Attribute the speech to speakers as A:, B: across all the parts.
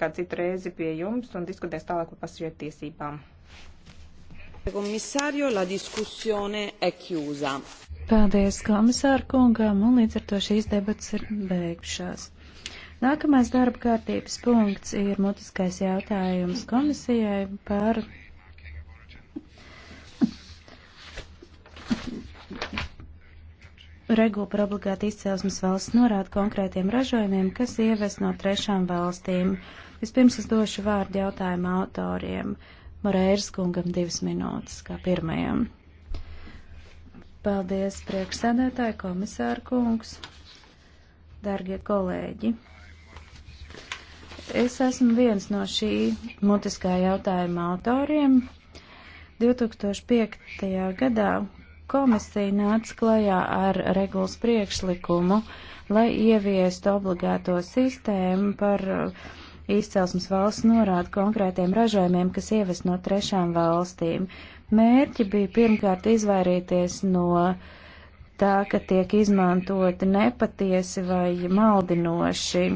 A: kādu citu reizi pie jums un diskutēs tālāk par pasažieru tiesībām. Komisārio, la diskusione è chiusa.
B: Paldies komisāru kungām, un līdz ar to šīs debats ir beigušās. Nākamais darba kārtības punkts ir mutiskais jautājums komisijai par regula par obligātu izcelsmes valsts norāda konkrētiem ražojumiem, kas ievest no trešām valstīm. Vispirms es došu vārdu jautājuma autoriem. Morēras kungam divas minūtes kā pirmajam. Paldies, priekšsēdētāji, komisāra kungs, dargie kolēģi. Es esmu viens no šī mutiskā jautājuma autoriem. 2005. gadā komisija nāca klajā ar regulas priekšlikumu, lai ieviestu obligāto sistēmu par uh, izcelsmes valsts norāda konkrētiem ražojumiem, kas ievest no trešām valstīm. Mērķi bija pirmkārt izvairīties no tā, ka tiek izmantoti nepatiesi vai maldinoši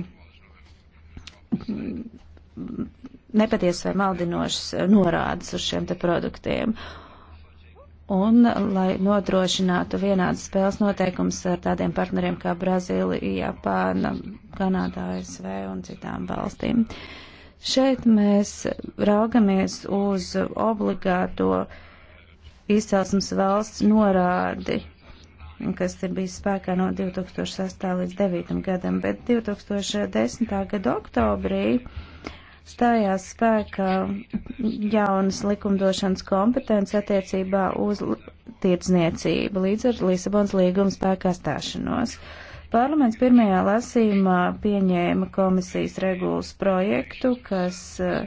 B: nepatiesi vai maldinošas norādes uz šiem te produktiem un lai nodrošinātu vienādas spēles noteikums ar tādiem partneriem kā Brazīlija, Japāna, Kanādā, ASV un citām valstīm. Šeit mēs raugamies uz obligāto izcelsmes valsts norādi, kas ir bijis spēkā no 2006. līdz 2009. gadam, bet 2010. gada oktobrī stājās spēkā jaunas likumdošanas kompetences attiecībā uz tirdzniecību līdz ar Lisabons līguma spēkā stāšanos. Parlaments pirmajā lasījumā pieņēma komisijas regulas projektu, kas eh,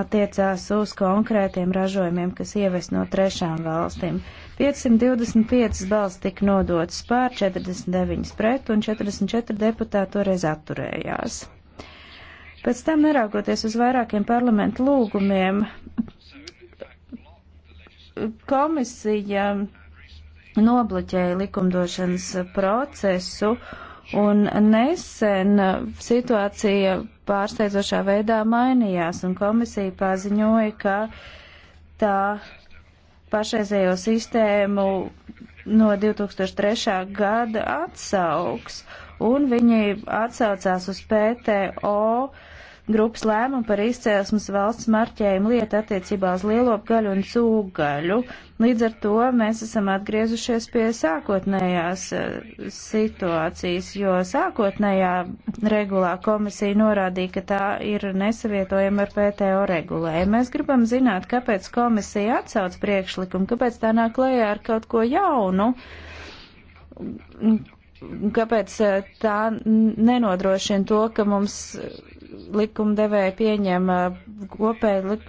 B: attiecās uz konkrētiem ražojumiem, kas ievest no trešām valstīm. 525 balsts tika nodotas pār 49 pret un 44 deputāti toreiz atturējās. Pēc tam, neraugoties uz vairākiem parlamentu lūgumiem, komisija nobloķēja likumdošanas procesu, un nesen situācija pārsteidzošā veidā mainījās, un komisija paziņoja, ka tā pašreizējo sistēmu no 2003. gada atsauks, un viņi atsaucās uz PTO grupas lēmumu par izcēlesmes valsts marķējumu lietu attiecībā uz lielopgaļu un cūgaļu. Līdz ar to mēs esam atgriezušies pie sākotnējās eh, situācijas, jo sākotnējā regulā komisija norādīja, ka tā ir nesavietojama ar PTO regulējumu. Mēs gribam zināt, kāpēc komisija atsauc priekšlikumu, kāpēc tā nāk klajā ar kaut ko jaunu kāpēc eh, tā nenodrošina to, ka mums likumdevēja pieņem uh, kopēju lik,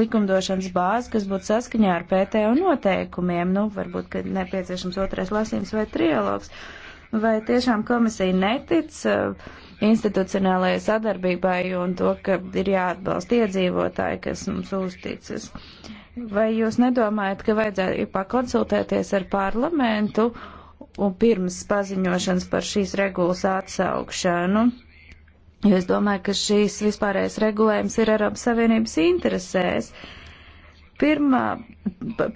B: likumdošanas bāzi, kas būtu saskaņā ar PTO noteikumiem. Nu, varbūt, ka nepieciešams otrais lasījums vai trialogs. Vai tiešām komisija netic uh, institucionālajai sadarbībai un to, ka ir jāatbalsta iedzīvotāji, kas mums uzticas? Vai jūs nedomājat, ka vajadzētu pakonsultēties ar parlamentu un pirms paziņošanas par šīs regulas atsaukšanu? jo es domāju, ka šīs vispārējais regulējums ir Eiropas Savienības interesēs. Pirmā,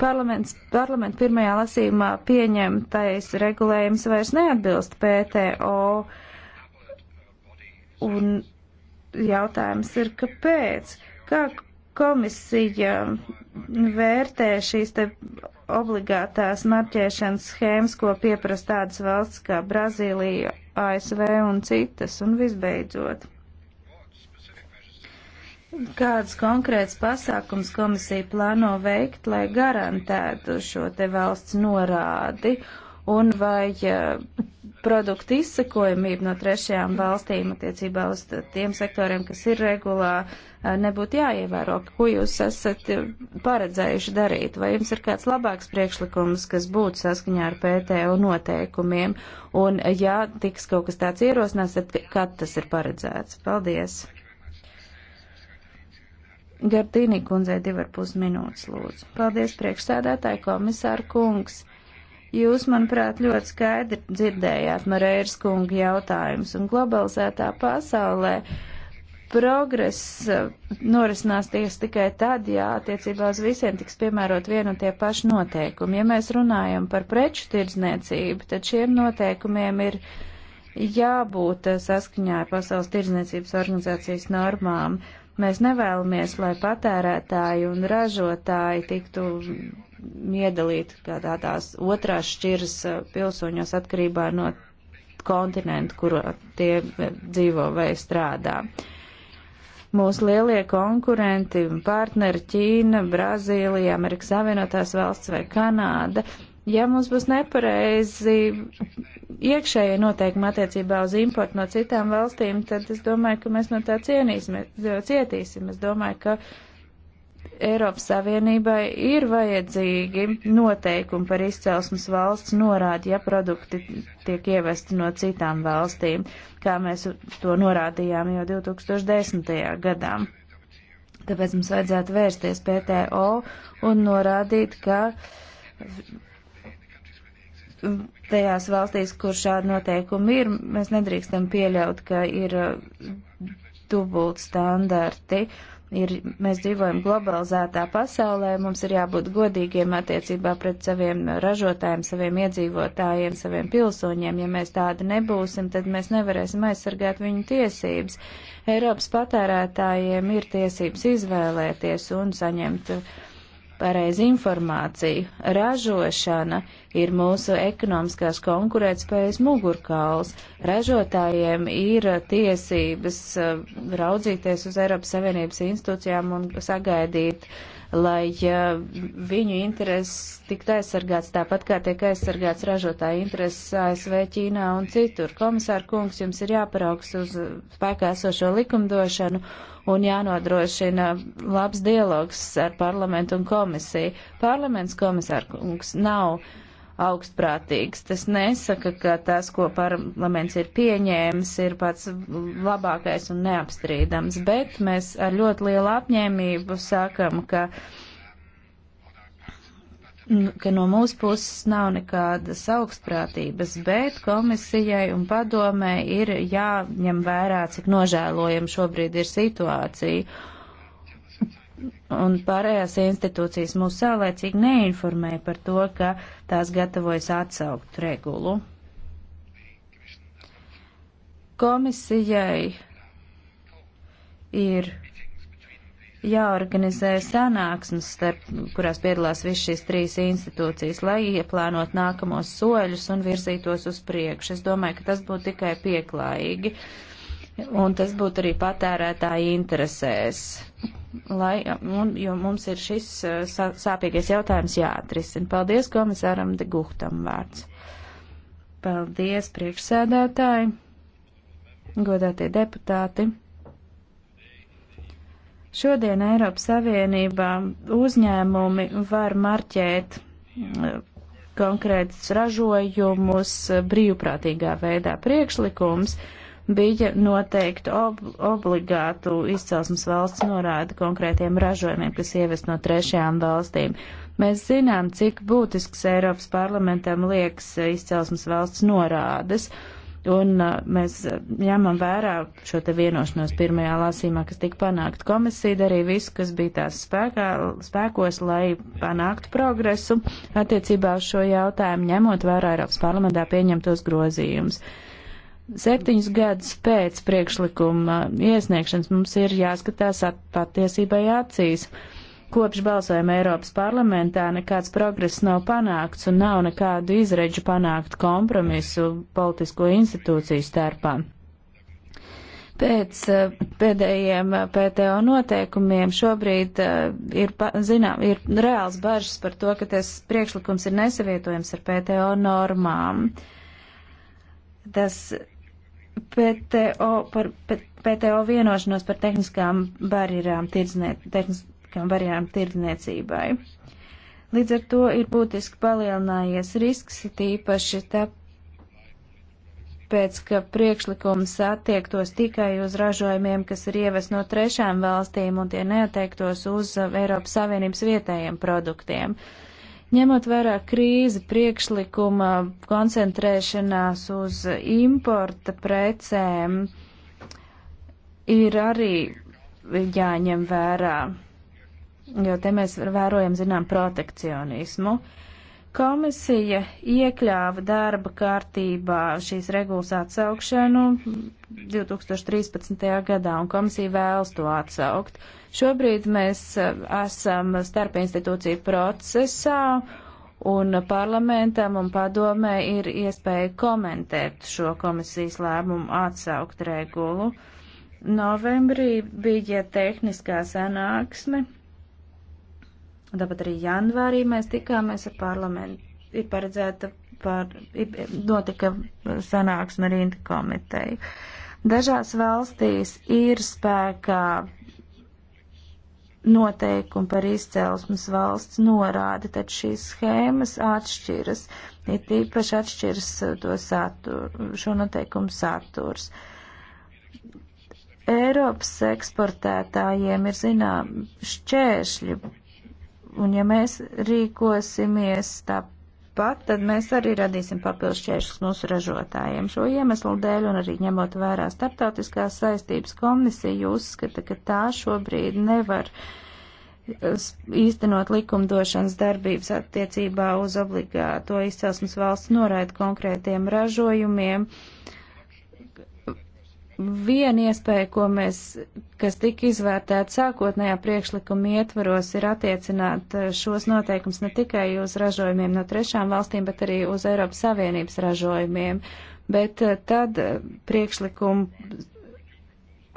B: parlaments, parlamenta pirmajā lasījumā pieņemtais regulējums vairs neatbilst PTO, un jautājums ir, kāpēc? Kā Komisija vērtē šīs te obligātās marķēšanas schēmas, ko pieprasa tādas valsts kā Brazīlija, ASV un citas, un visbeidzot. Kādas konkrētas pasākums komisija plāno veikt, lai garantētu šo te valsts norādi, un vai eh, produktu izsakojamību no trešajām valstīm attiecībā uz tiem sektoriem, kas ir regulā, eh, nebūtu jāievēro. Ko jūs esat eh, paredzējuši darīt? Vai jums ir kāds labāks priekšlikums, kas būtu saskaņā ar PTO noteikumiem? Un eh, ja tiks kaut kas tāds ierosināts, tad kad tas ir paredzēts? Paldies! Gardīnī kundzei divar pus minūtes lūdzu. Paldies priekšsēdētāji komisāru kungs. Jūs, manuprāt, ļoti skaidri dzirdējāt Marēras kunga jautājumus, un globalizētā pasaulē progress uh, norisināsies tikai tad, ja attiecībā uz visiem tiks piemērot vienu un tie paši noteikumi. Ja mēs runājam par preču tirdzniecību, tad šiem noteikumiem ir jābūt uh, saskaņā ar Pasaules tirdzniecības organizācijas normām. Mēs nevēlamies, lai patērētāji un ražotāji tiktu iedalīt kā tādās otrās šķiras eh, pilsoņos atkarībā no kontinentu, kur tie eh, dzīvo vai strādā. Mūsu lielie konkurenti, partneri Ķīna, Brazīlija, Amerikas Savienotās valsts vai Kanāda, ja mums būs nepareizi iekšējie noteikumi attiecībā uz importu no citām valstīm, tad es domāju, ka mēs no tā cienīsim, cietīsim. Es domāju, ka Eiropas Savienībai ir vajadzīgi noteikumi par izcelsmes valsts norādi, ja produkti tiek ievesti no citām valstīm, kā mēs to norādījām jau 2010. gadā. Tāpēc mums vajadzētu vērsties PTO un norādīt, ka tajās valstīs, kur šādi noteikumi ir, mēs nedrīkstam pieļaut, ka ir dubult standarti. Uh, ir, mēs dzīvojam globalizētā pasaulē, mums ir jābūt godīgiem attiecībā pret saviem ražotājiem, saviem iedzīvotājiem, saviem pilsoņiem. Ja mēs tādi nebūsim, tad mēs nevarēsim aizsargāt viņu tiesības. Eiropas patērētājiem ir tiesības izvēlēties un saņemt uh, pareizi informāciju. Ražošana ir mūsu ekonomiskās konkurētspējas mugurkauls. Ražotājiem ir tiesības eh, raudzīties uz Eiropas Savienības institūcijām un sagaidīt uh, lai viņu intereses tiktu aizsargāts tāpat, kā tiek aizsargāts ražotāja intereses ASV, Ķīnā un citur. Komisāra kungs, jums ir jāparaugs uz spēkā esošo likumdošanu un jānodrošina labs dialogs ar parlamentu un komisiju. Parlaments komisāra kungs nav augstprātīgs. Tas nesaka, ka tas, ko parlaments ir pieņēmis, ir pats labākais un neapstrīdams, bet mēs ar ļoti lielu apņēmību sakam, ka, nu, ka no mūsu puses nav nekādas augstprātības, bet komisijai un padomē ir jāņem vērā, cik nožēlojama šobrīd ir situācija un pārējās institūcijas mūs saulēcīgi neinformēja par to, ka tās gatavojas atsaukt regulu. Komisijai ir jāorganizē sanāksmes, starp, kurās piedalās visas šīs trīs institūcijas, lai ieplānot nākamos soļus un virzītos uz priekšu. Es domāju, ka tas būtu tikai pieklājīgi. Uh, un tas būtu arī patērētāji interesēs. Lai, un, jo mums ir šis uh, sāpīgais jautājums jāatrisina. Paldies komisāram de Guhtam vārds. Paldies priekšsēdētāji, godātie deputāti. Šodien Eiropas Savienībā uzņēmumi var marķēt uh, konkrētus ražojumus uh, brīvprātīgā veidā. Priekšlikums uh, bija noteikti ob obligātu izcelsmes valsts norāda konkrētiem ražojumiem, kas ievest no trešajām valstīm. Mēs zinām, cik būtisks Eiropas parlamentam liekas izcelsmes valsts norādes. Un uh, mēs uh, ņemam vērā šo te vienošanos pirmajā lasīmā, kas tika panākt. Komisija darīja visu, kas bija tās spēkā, spēkos, lai panāktu progresu attiecībā uz šo jautājumu, ņemot vērā Eiropas parlamentā pieņemtos grozījumus. Uh, septiņus gadus pēc priekšlikuma iesniegšanas mums ir jāskatās at patiesībai acīs. Kopš balsojuma Eiropas parlamentā nekāds progress nav panākts un nav nekādu izredžu panākt kompromisu politisko institūciju starpā. Pēc eh, pēdējiem eh, PTO noteikumiem šobrīd eh, ir, zinām, ir reāls bažas par to, ka tas priekšlikums ir nesavietojams ar PTO normām. Tas PTO, par PTO vienošanos par tehniskām barjerām, tirdznie, tehniskām barjerām tirdzniecībai. Līdz ar to ir būtiski palielinājies risks, tīpaši tāpēc, ka priekšlikums attiektos tikai uz ražojumiem, kas ir ievest no trešām valstīm un tie neattiektos uz Eiropas Savienības vietējiem produktiem. Uh, Ņemot vērā krīzi priekšlikuma koncentrēšanās uz importa precēm, ir arī jāņem vērā, jo te mēs vērojam, zinām, protekcionismu. Uh, Komisija iekļāva darba kārtībā šīs regulas atsaukšanu 2013. gadā, un komisija vēlas to atsaukt. Šobrīd mēs eh, esam starp institūciju procesā, un parlamentam un padomē ir iespēja komentēt šo komisijas lēmumu atsaukt regulu. Novembrī bija tehniskā sanāksme Un tāpat arī janvārī mēs tikāmies ar parlamentu. Ir paredzēta par, ir, notika sanāksme ar Intu komiteju. Dažās valstīs ir spēkā noteikumi par izcelsmes valsts norādi, tad šīs schēmas atšķiras, ir tīpaši atšķiras to saturu, šo noteikumu saturs. Eiropas eksportētājiem ir zinām šķēršļi Un ja mēs rīkosimies tāpat, tad mēs arī radīsim papildus šķēršus mūsu ražotājiem. Šo iemeslu dēļ un arī ņemot vērā starptautiskās saistības komisija uzskata, ka tā šobrīd nevar eh, īstenot likumdošanas darbības attiecībā uz obligāto izcelsmes valsts noraidu konkrētiem ražojumiem. Uh, Viena iespēja, ko mēs, kas tika izvērtēta sākotnējā priekšlikuma ietvaros, ir attiecināt eh, šos noteikums ne tikai uz ražojumiem no trešām valstīm, bet arī uz Eiropas Savienības ražojumiem. Bet eh, tad eh, priekšlikuma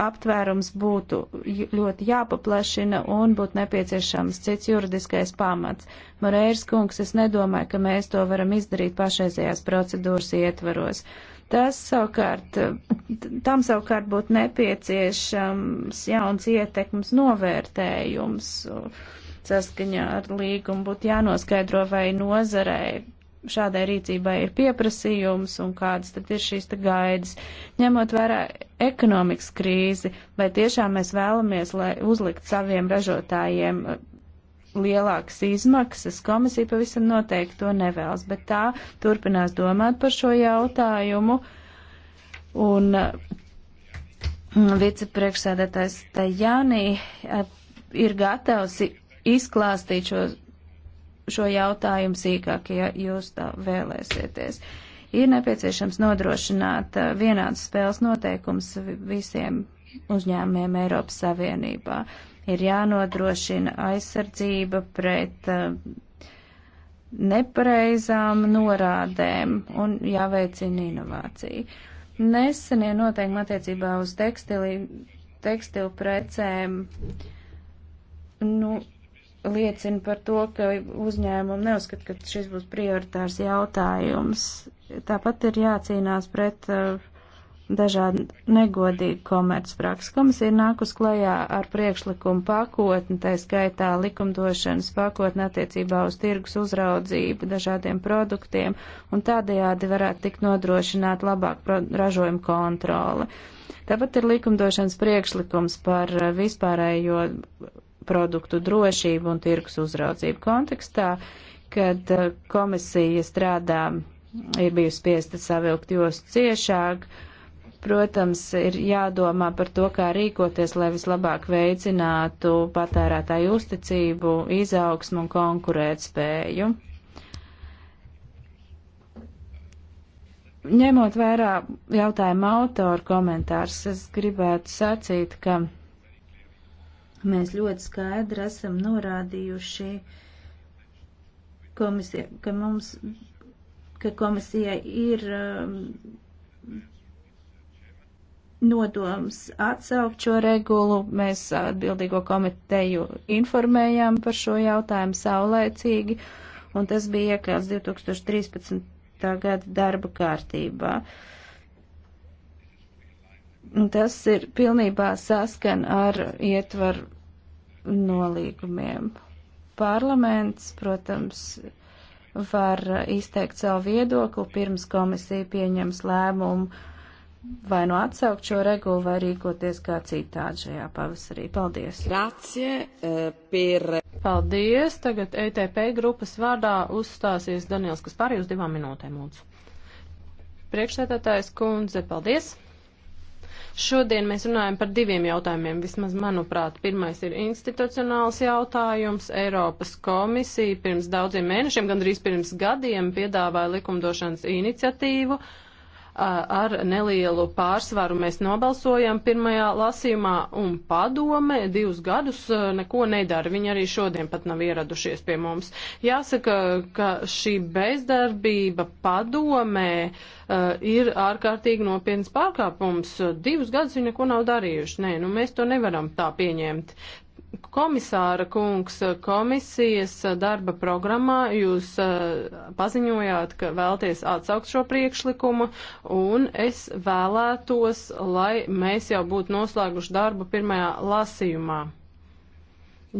B: aptvērums būtu ļoti jāpaplašina un būtu nepieciešams cits juridiskais pamats. Moreiras kungs, es nedomāju, ka mēs to varam izdarīt pašreizējās procedūras ietvaros. Uh, Tas savukārt, tam savukārt būtu nepieciešams jauns ietekmes novērtējums saskaņā ar līgumu, būtu jānoskaidro, vai nozarei šādai rīcībai ir pieprasījums un kādas tad ir šīs te gaidas. Ņemot vērā ekonomikas krīzi, vai tiešām mēs vēlamies, lai uzlikt saviem ražotājiem lielākas izmaksas. Komisija pavisam noteikti to nevēlas, bet tā turpinās domāt par šo jautājumu. Un mm, vicepriekšsēdētājs Tajānī eh, ir gatavs izklāstīt šo, šo jautājumu sīkāk, ja jūs tā vēlēsieties. Ir nepieciešams nodrošināt eh, vienādas spēles noteikums visiem uzņēmumiem Eiropas Savienībā ir jānodrošina aizsardzība pret eh, nepareizām norādēm un jāveicina inovācija. Nesenie noteikumi attiecībā uz tekstili, tekstilu precēm nu, liecina par to, ka uzņēmumi neuzskata, ka šis būs prioritārs jautājums. Tāpat ir jācīnās pret uh, dažādi negodīgi komercpraks. Komisija ir nākus klajā ar priekšlikumu pakotni, tā skaitā likumdošanas pakotni attiecībā uz tirgus uzraudzību dažādiem produktiem, un tādējādi varētu tikt nodrošināt labāk ražojumu kontroli. Tāpat ir likumdošanas priekšlikums par vispārējo produktu drošību un tirgus uzraudzību kontekstā, kad eh, komisija strādā, ir bijusi spiesta savilkt jūs ciešāk, uh, Protams, ir jādomā par to, kā rīkoties, lai vislabāk veicinātu patērētāju uzticību, izaugsmu un konkurētspēju. Ņemot vērā jautājuma autoru komentārs, es gribētu sacīt, ka mēs ļoti skaidri esam norādījuši komisija, ka mums, ka komisija ir um, nodoms atsaukt šo regulu. Mēs atbildīgo komiteju informējām par šo jautājumu saulēcīgi, un tas bija iekļauts 2013. gada darba kārtībā. Un tas ir pilnībā saskan ar ietvaru nolīgumiem. Parlaments, protams, var izteikt savu viedokli pirms komisija pieņems lēmumu vai nu atsaukt šo regulu, vai rīkoties kā citādi šajā pavasarī. Paldies!
C: Grācie, eh, pir... Paldies! Tagad ETP grupas vārdā uzstāsies Daniels Kaspari uz divām minūtēm, lūdzu. Priekšsētātājs kundze, paldies! Šodien mēs runājam par diviem jautājumiem. Vismaz, manuprāt, pirmais ir institucionāls jautājums. Eiropas komisija pirms daudziem mēnešiem, gandrīz pirms gadiem, piedāvāja likumdošanas iniciatīvu, uh, ar nelielu pārsvaru mēs nobalsojam pirmajā lasījumā, un padome divus gadus neko nedara. Viņi arī šodien pat nav ieradušies pie mums. Jāsaka, ka šī bezdarbība padomē ir ārkārtīgi nopietns pārkāpums. Divus gadus viņi neko nav darījuši. Nē, nu mēs to nevaram tā pieņemt. Komisāra kungs, komisijas darba programmā jūs eh, paziņojāt, ka vēlties atsaukt šo priekšlikumu, un es vēlētos, lai mēs jau būtu noslēguši darbu pirmajā lasījumā.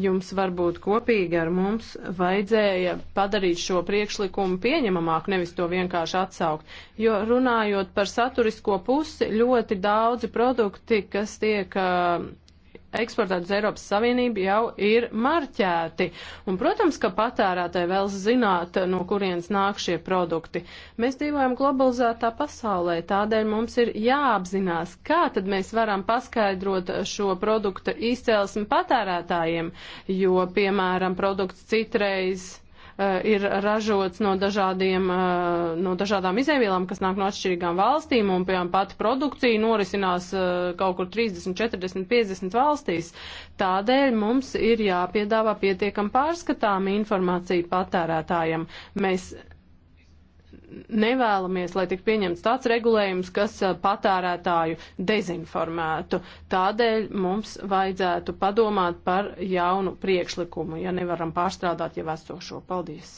C: Jums varbūt kopīgi ar mums vajadzēja padarīt šo priekšlikumu pieņemamāku, nevis to vienkārši atsaukt. Jo runājot par saturisko pusi, ļoti daudzi produkti, kas tiek uh, eksportēt uz Eiropas Savienību jau ir marķēti. Un, protams, ka patērētāji vēl zināt, no kurienes nāk šie produkti. Mēs dzīvojam globalizētā pasaulē, tādēļ mums ir jāapzinās, kā tad mēs varam paskaidrot šo produktu izcelsmi patērētājiem, jo, piemēram, produkts citreiz Eh, ir ražots no, dažādiem, eh, no dažādām izēvielām, kas nāk no atšķirīgām valstīm, un piemēram pati produkcija norisinās eh, kaut kur 30, 40, 50 valstīs. Tādēļ mums ir jāpiedāvā pietiekam pārskatāmi informācija patērētājiem. Mēs nevēlamies, lai tik pieņemts tāds regulējums, kas patērētāju dezinformētu. Tādēļ mums vajadzētu padomāt par jaunu priekšlikumu, ja nevaram pārstrādāt jau esošo. Paldies!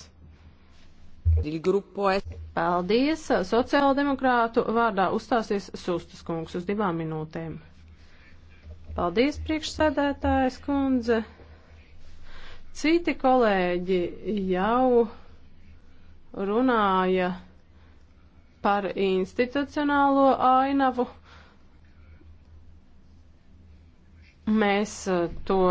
C: Paldies! Sociāldemokrātu vārdā uzstāsies Sustas kungs uz divām minūtēm. Paldies, priekšsēdētājs kundze! Citi kolēģi jau runāja par institucionālo ainavu. Mēs uh, to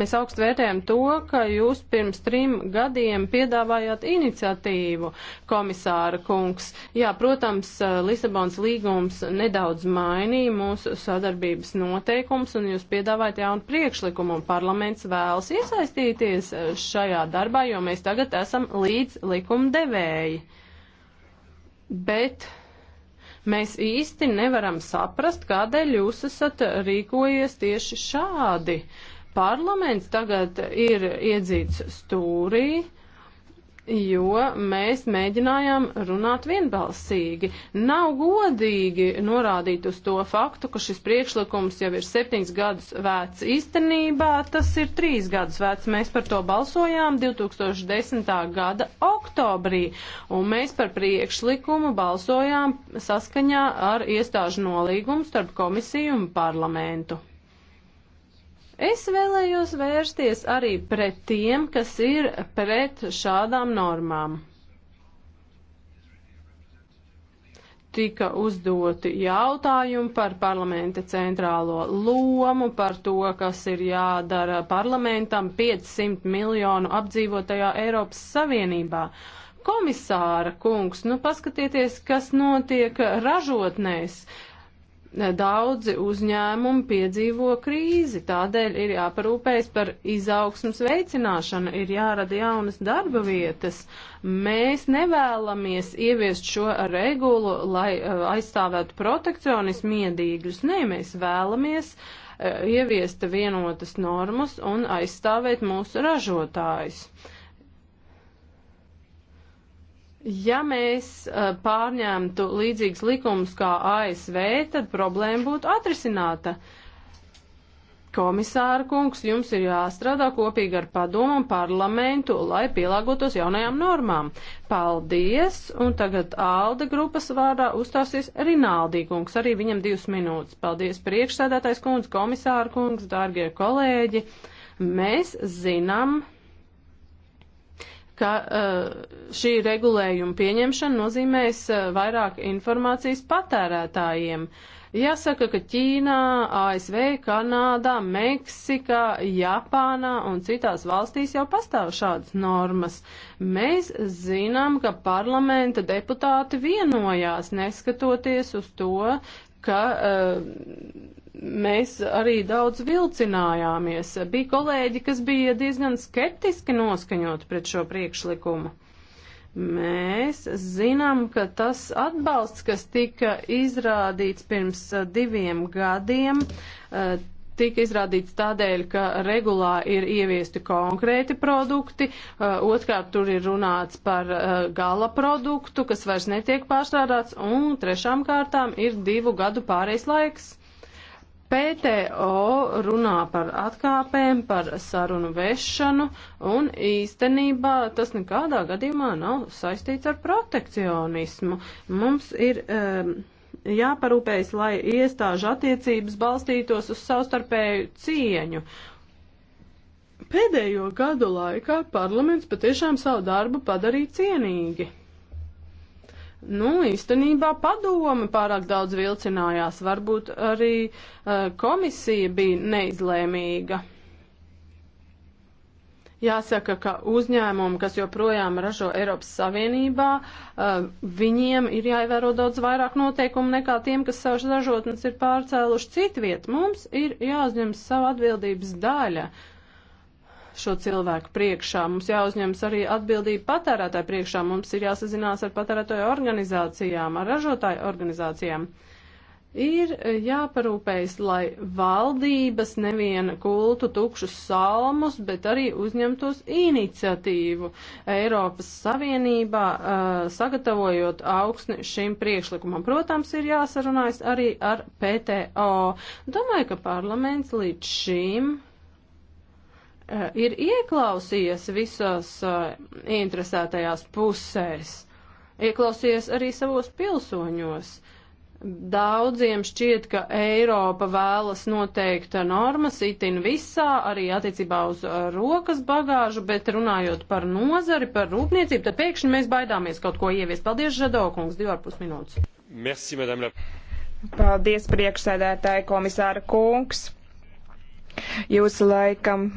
C: Mēs augstu vērtējam to, ka jūs pirms trim gadiem piedāvājāt iniciatīvu, komisāra kungs. Jā, protams, uh, Lisabons līgums nedaudz mainīja mūsu sadarbības noteikums, un jūs piedāvājat jaunu priekšlikumu, un parlaments vēlas iesaistīties uh, šajā darbā, jo mēs tagad esam līdz likumdevēji bet mēs īsti nevaram saprast, kādēļ jūs esat rīkojies tieši šādi. Parlaments tagad ir iedzīts stūrī, jo mēs mēģinājām runāt vienbalsīgi. Nav godīgi norādīt uz to faktu, ka šis priekšlikums jau ir septiņas gadus vecs. Īstenībā tas ir trīs gadus vecs. Mēs par to balsojām 2010. gada oktobrī, un mēs par priekšlikumu balsojām saskaņā ar iestāžu nolīgumu starp komisiju un parlamentu. Es vēlējos vērsties arī pret tiem, kas ir pret šādām normām. Tika uzdoti jautājumi par parlamenta centrālo lomu, par to, kas ir jādara parlamentam 500 miljonu apdzīvotajā Eiropas Savienībā komisāra kungs, nu paskatieties, kas notiek ražotnēs daudzi uzņēmumi piedzīvo krīzi, tādēļ ir jāparūpējas par izaugsmas veicināšanu, ir jārada jaunas darba vietas. Mēs nevēlamies ieviest šo regulu, lai uh, aizstāvētu protekcionismu iedīgļus. Nē, mēs vēlamies uh, ieviest vienotas normas un aizstāvēt mūsu ražotājus. Ja mēs uh, pārņemtu līdzīgas likumus kā ASV, tad problēma būtu atrisināta. Komisāra kungs, jums ir jāstrādā kopīgi ar padomu un parlamentu, lai pielāgotos jaunajām normām. Paldies, un tagad Alda grupas vārdā uzstāsies Rinaldī kungs, arī viņam divas minūtes. Paldies, priekšsēdētais kungs, komisāra kungs, dārgie kolēģi. Mēs zinām, ka eh, šī regulējuma pieņemšana nozīmēs eh, vairāk informācijas patērētājiem. Jāsaka, ka Ķīnā, ASV, Kanādā, Meksikā, Japānā un citās valstīs jau pastāv šādas normas. Mēs zinām, ka parlamenta deputāti vienojās, neskatoties uz to, ka uh, mēs arī daudz vilcinājāmies. Bija kolēģi, kas bija diezgan skeptiski noskaņot pret šo priekšlikumu. Mēs zinām, ka tas atbalsts, kas tika izrādīts pirms uh, diviem gadiem, uh, tika izrādīts tādēļ, ka regulā ir ieviesti konkrēti produkti, uh, otrkārt tur ir runāts par gala produktu, kas vairs netiek pārstrādāts, un trešām kārtām ir divu gadu pārējais laiks. PTO runā par atkāpēm, par sarunu vešanu, un īstenībā tas nekādā gadījumā nav saistīts ar protekcionismu. Mums ir um, jāparūpējas, lai iestāžu attiecības balstītos uz savstarpēju cieņu. Pēdējo gadu laikā parlaments patiešām savu darbu padarīja cienīgi. Nu, īstenībā padome pārāk daudz vilcinājās, varbūt arī uh, komisija bija neizlēmīga. Jāsaka, ka uzņēmumi, kas joprojām ražo Eiropas Savienībā, eh, viņiem ir jāievēro daudz vairāk noteikumu nekā tiem, kas savas ražotnes ir pārcēluši citviet. Mums ir jāuzņemas savu atbildības daļa. Uh, šo cilvēku priekšā. Mums jāuzņemas arī atbildība patērētāju priekšā. Mums ir jāsazinās ar patērētāju organizācijām, ar ražotāju organizācijām. Ir jāparūpējas, lai valdības neviena kultu tukšus salmus, bet arī uzņemtos iniciatīvu Eiropas Savienībā, uh, sagatavojot augsni šim priekšlikumam. Protams, ir jāsarunājas arī ar PTO. Domāju, ka parlaments līdz šim Eh, ir ieklausījies visās eh, interesētajās pusēs, ieklausījies arī savos pilsoņos. Daudziem šķiet, ka Eiropa vēlas noteikta norma sitin visā, arī attiecībā uz eh, rokas bagāžu, bet runājot par nozari, par rūpniecību, tad pēkšņi mēs baidāmies kaut ko ieviest. Paldies, Žadokungs, divi ar pus minūtes. Merci, madame.
A: Paldies, priekšsēdētāji komisāra kungs. Jūs laikam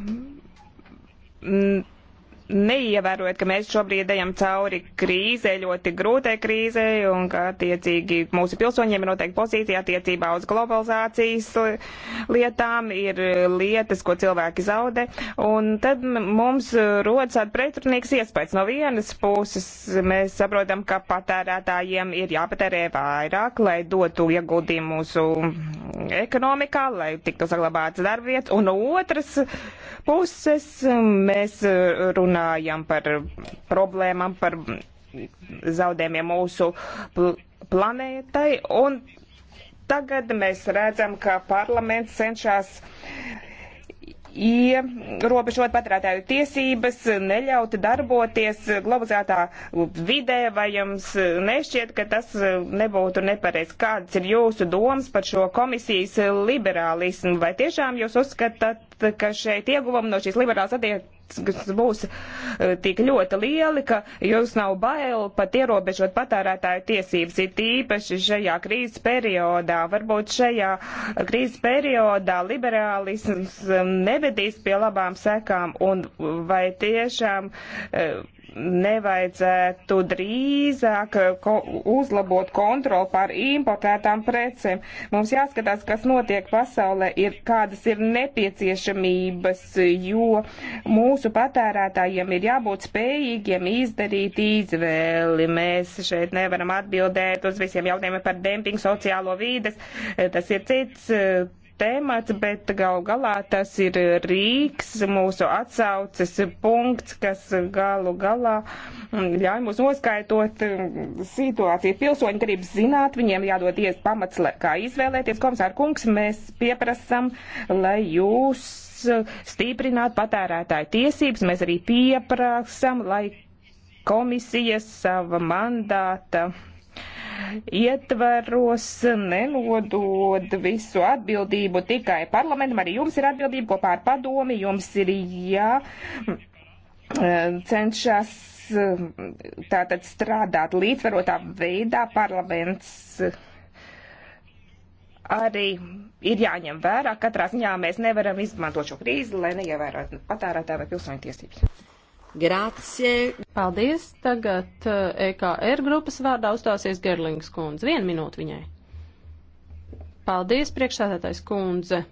A: neievērojat, ka mēs šobrīd ejam cauri krīzē, ļoti grūtai krīzē, un ka attiecīgi mūsu pilsoņiem ir noteikti pozīcija attiecībā uz globalizācijas lietām, ir lietas, ko cilvēki zaudē, un tad mums rodas tāds pretrunīgs iespējas. No vienas puses mēs saprotam, ka patērētājiem ir jāpatērē vairāk, lai dotu ieguldījumu mūsu ekonomikā, lai tiktu saglabāts darbvietas, un no otras puses mēs runājam par problēmām, par zaudējumiem mūsu planētai, un tagad mēs redzam, ka parlaments cenšas ierobežot patērētāju tiesības, neļaut darboties globalizētā vidē, vai jums nešķiet, ka tas nebūtu nepareizi? Kādas ir jūsu domas par šo komisijas liberālismu? Vai tiešām jūs uzskatāt, ka šeit ieguvumi no šīs liberālas attiecības? kas būs eh, tik ļoti lieli, ka jums nav bail pat ierobežot patērētāju tiesības, it īpaši šajā krīzes periodā. Varbūt šajā krīzes periodā liberālisms mm, nevedīs pie labām sekām un vai tiešām. Uh, nevajadzētu drīzāk eh, ko uzlabot kontroli pār importētām precēm. Mums jāskatās, kas notiek pasaulē, ir, kādas ir nepieciešamības, jo mūsu patērētājiem ir jābūt spējīgiem izdarīt izvēli. Mēs šeit nevaram atbildēt uz visiem jautājumiem par dempingu, sociālo vīdes. Tas ir cits eh, tēmats, bet gal galā tas ir rīks, mūsu atsauces punkts, kas galu galā mm, ļauj mums noskaitot mm, situāciju. Pilsoņi grib zināt, viņiem jādod ies pamats, kā izvēlēties. Komisāra kungs, mēs pieprasam, lai jūs stiprināt patērētāju tiesības. Mēs arī pieprasam, lai komisijas sava mandāta ietvaros nenodod visu atbildību tikai parlamentam. Arī jums ir atbildība kopā ar padomi. Jums ir jā cenšas tātad strādāt līdzvarotā veidā parlaments arī ir jāņem vērā. Katrā ziņā mēs nevaram izmantot šo krīzi, lai neievērētu patērētāju vai pilsoņu tiesības. Grācie.
C: Paldies. Tagad EKR eh, e grupas vārdā uzstāsies Gerlings kundze. Vienu minūtu viņai. Paldies, priekšsēdētājs kundze.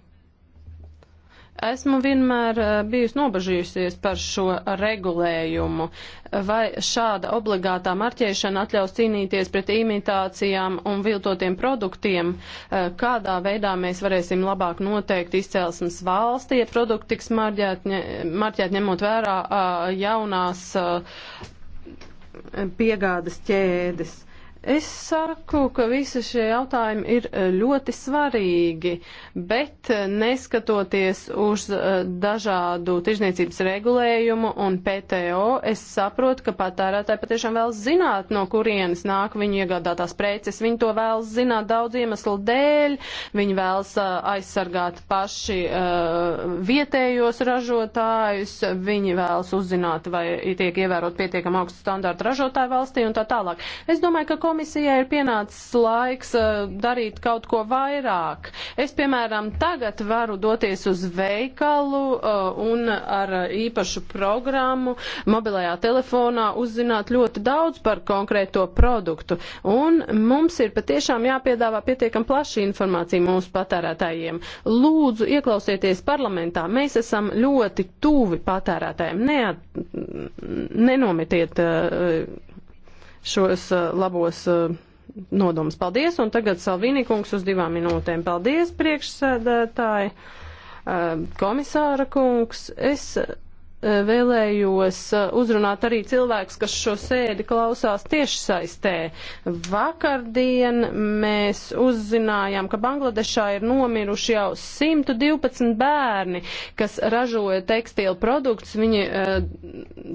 C: Esmu vienmēr eh, bijusi nobažījusies par šo regulējumu. Vai šāda obligātā marķēšana atļaus cīnīties pret imitācijām un viltotiem produktiem? Eh, kādā veidā mēs varēsim labāk noteikt izcelsmes valsti, ja produkti tiks marķēt, marķēt ņemot vērā eh, jaunās piegādes ķēdes? Es saku, ka visi šie jautājumi ir e, ļoti svarīgi, bet e, neskatoties uz e, dažādu tirzniecības regulējumu un PTO, es saprotu, ka patērētāji patiešām vēlas zināt, no kurienes nāk viņu iegādātās preces. Viņi to vēlas zināt daudz iemeslu dēļ, viņi vēlas aizsargāt paši vietējos ražotājus, viņi vēlas uzzināt, vai tiek ievērot pietiekam augstu standārtu ražotāju valstī un tā tālāk. Es domāju, ka komisijai ir pienācis laiks uh, darīt kaut ko vairāk. Es, piemēram, tagad varu doties uz veikalu uh, un ar īpašu programmu mobilajā telefonā uzzināt ļoti daudz par konkrēto produktu. Un mums ir patiešām jāpiedāvā pietiekam plaša informācija mūsu patērētājiem. Lūdzu, ieklausieties parlamentā. Mēs esam ļoti tuvi patērētājiem. Neat, nenometiet. Uh, šos eh, labos eh, nodomus. Paldies, un tagad Salvīnīkungs uz divām minūtēm. Paldies, priekšsēdētāji, eh, komisāra kungs. Es E, vēlējos e, uzrunāt arī cilvēkus, kas šo sēdi klausās tiešsaistē. Vakardien mēs uzzinājām, ka Bangladešā ir nomiruši jau 112 bērni, kas ražoja tekstilu produktus. Viņi uh,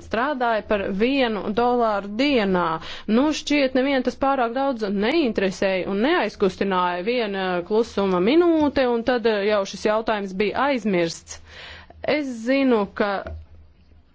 C: strādāja par vienu dolāru dienā. Nu, šķiet, nevien tas pārāk daudz neinteresēja un neaizkustināja viena klusuma minūte, un tad jau šis jautājums bija aizmirsts. Es zinu, ka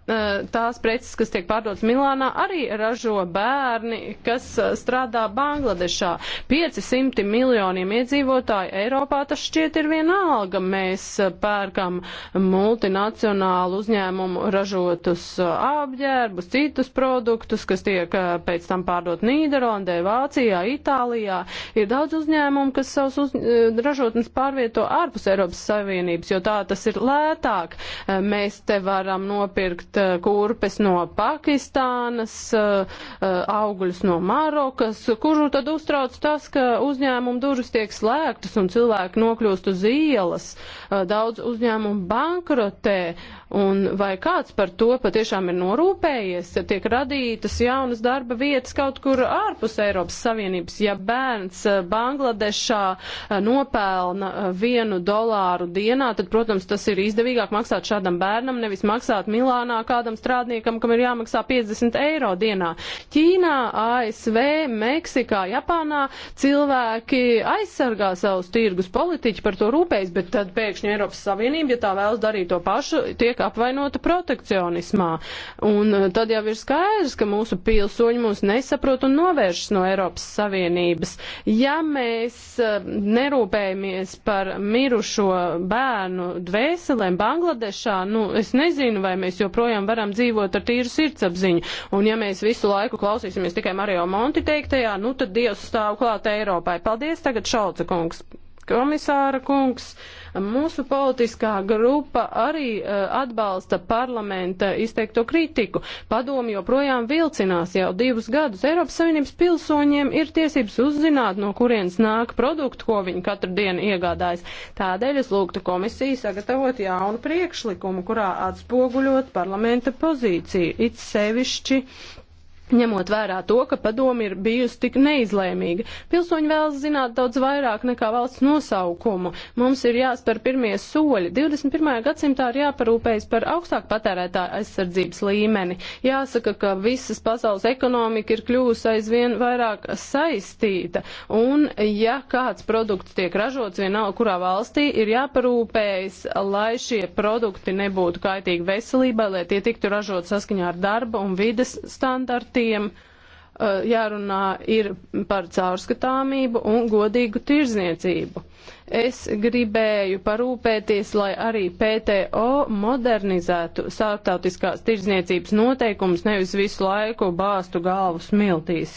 C: Eh, tās preces, kas tiek pārdotas Milānā, arī ražo bērni, kas eh, strādā Bangladešā. 500 miljoniem iedzīvotāju Eiropā tas šķiet ir vienalga. Mēs eh, pērkam multinacionālu uzņēmumu ražotus apģērbus, citus produktus, kas tiek pēc tam pārdot Nīderlandē, Vācijā, Itālijā. Ir daudz uzņēmumu, kas savus uz... ražotnes pārvieto ārpus Eiropas Savienības, jo tā tas ir lētāk. Mēs te varam nopirkt pirkt eh, kurpes no Pakistānas, eh, eh, augļus no Marokas, kuru tad uztrauc tas, ka uzņēmumu durvis tiek slēgtas un cilvēki nokļūst uz ielas. Daudz uzņēmumu bankrotē Un vai kāds par to patiešām ir norūpējies, tiek radītas jaunas darba vietas kaut kur ārpus Eiropas Savienības, ja bērns eh, Bangladešā eh, nopelna eh, vienu dolāru dienā, tad, protams, tas ir izdevīgāk maksāt šādam bērnam, nevis maksāt Milānā kādam strādniekam, kam ir jāmaksā 50 eiro dienā. Ķīnā, ASV, Meksikā, Japānā cilvēki aizsargā savus tirgus, politiķi par to rūpējas, bet tad pēkšņi Eiropas Savienība, ja tā vēlas darīt to pašu, tiek tiek apvainota protekcionismā. Un eh, tad jau ir skaidrs, ka mūsu pilsoņi mūs nesaprot un novēršas no Eiropas Savienības. Ja mēs eh, nerūpējamies par mirušo bērnu dvēselēm Bangladešā, nu, es nezinu, vai mēs joprojām varam dzīvot ar tīru sirdsapziņu. Un ja mēs visu laiku klausīsimies tikai Mario Monti teiktajā, nu, tad Dievs stāv klāt Eiropai. Paldies tagad, Šalca kungs komisāra kungs, mūsu politiskā grupa arī uh, atbalsta parlamenta izteikto kritiku. Padomi joprojām vilcinās jau divus gadus. Eiropas Savienības pilsoņiem ir tiesības uzzināt, no kurienes nāk produktu, ko viņi katru dienu iegādājas. Tādēļ es lūgtu komisiju sagatavot jaunu priekšlikumu, kurā atspoguļot parlamenta pozīciju. It sevišķi uh, ņemot vērā to, ka padomi ir bijusi tik neizlēmīga. Pilsoņi vēlas zināt daudz vairāk nekā valsts nosaukumu. Mums ir jāspēr pirmie soļi. 21. gadsimtā ir jāparūpējas par augstāku patērētāju aizsardzības līmeni. Jāsaka, ka visas pasaules ekonomika ir kļuvusi aizvien vairāk saistīta. Un, ja kāds produkts tiek ražots vienalga kurā valstī, ir jāparūpējas, lai šie produkti nebūtu kaitīgi veselībai, lai tie tiktu ražot saskaņā ar darba un vides standartiem aktiem eh, jārunā ir par caurskatāmību un godīgu tirzniecību. Es gribēju parūpēties, lai arī PTO modernizētu sārtautiskās tirzniecības noteikumus, nevis visu laiku bāstu galvu smiltīs.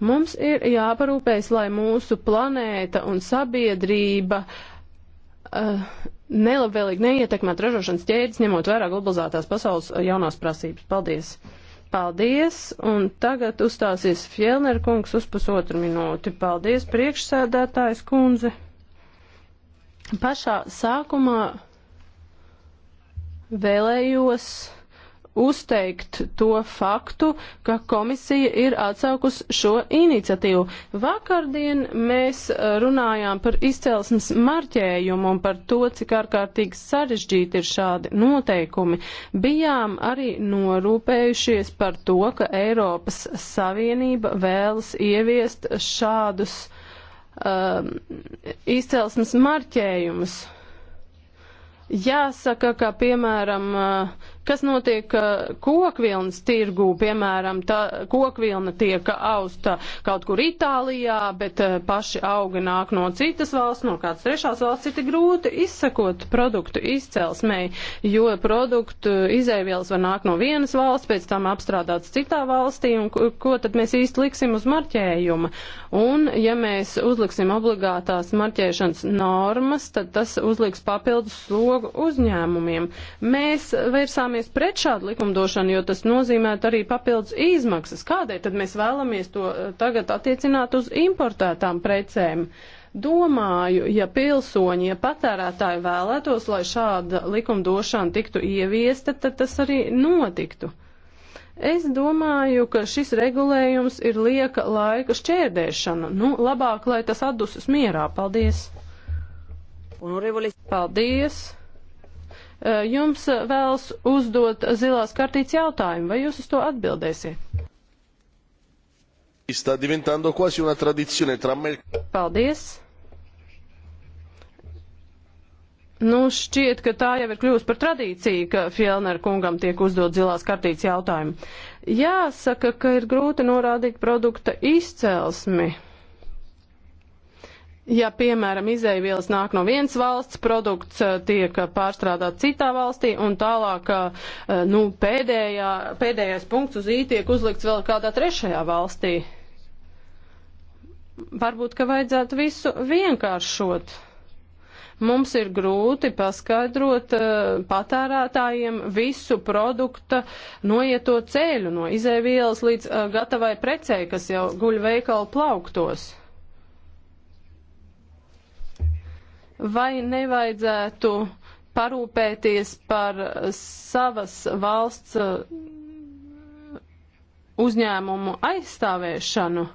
C: Mums ir jāparūpēs, lai mūsu planēta un sabiedrība uh, nelabvēlīgi neietekmētu ražošanas ķēdes, ņemot vērā globalizētās pasaules jaunās prasības. Paldies! Paldies, un tagad uzstāsies Fjellner kungs uz pusotru minūti. Paldies, priekšsēdētājs kundze. Pašā sākumā vēlējos uzteikt to faktu, ka komisija ir atsaukus šo iniciatīvu. Vakardien mēs uh, runājām par izcelsmes marķējumu un par to, cik ārkārtīgi sarežģīti ir šādi noteikumi. Bijām arī norūpējušies par to, ka Eiropas Savienība vēlas ieviest šādus um, izcelsmes marķējumus. Jāsaka, ka, piemēram, kas notiek kokvilnas tirgū, piemēram, tā kokvilna tiek austa kaut kur Itālijā, bet eh, paši auga nāk no citas valsts, no kādas trešās valsts, ir tik grūti izsakot produktu izcelsmei, jo produktu izēvielas var nākt no vienas valsts, pēc tam apstrādāts citā valstī, un ko, ko tad mēs īsti liksim uz marķējuma. Un, ja mēs uzliksim obligātās marķēšanas normas, tad tas uzliks papildus slogu slogu uzņēmumiem. Mēs vērsāmies pret šādu likumdošanu, jo tas nozīmētu arī papildus izmaksas. Kādēļ tad mēs vēlamies to eh, tagad attiecināt uz importētām precēm? Domāju, ja pilsoņi, ja patērētāji vēlētos, lai šāda likumdošana tiktu ieviesta, tad tas arī notiktu. Es domāju, ka šis regulējums ir lieka laika šķērdēšana. Nu, labāk, lai tas atdusas mierā. Paldies! Paldies! Eh, jums vēlas uzdot zilās kartītes jautājumu. Vai jūs uz to atbildēsiet?
A: Sta diventando quasi una tradizione tra me...
C: Paldies! Nu, šķiet, ka tā jau ir kļuvusi par tradīciju, ka Fjellner kungam tiek uzdot zilās kartītes jautājumu. Jāsaka, ka ir grūti norādīt produkta izcelsmi. Ja, piemēram, izēvielas nāk no vienas valsts, produkts eh, tiek eh, pārstrādāt citā valstī, un tālāk, eh, nu, pēdējā, pēdējais punkts uz ī tiek uzlikts vēl kādā trešajā valstī. Varbūt, ka vajadzētu visu vienkāršot. Mums ir grūti paskaidrot patērētājiem visu produkta noieto ceļu no izēvielas līdz gatavai precei, kas jau guļ veikalu plauktos. Vai nevajadzētu parūpēties par savas valsts uh, uzņēmumu aizstāvēšanu?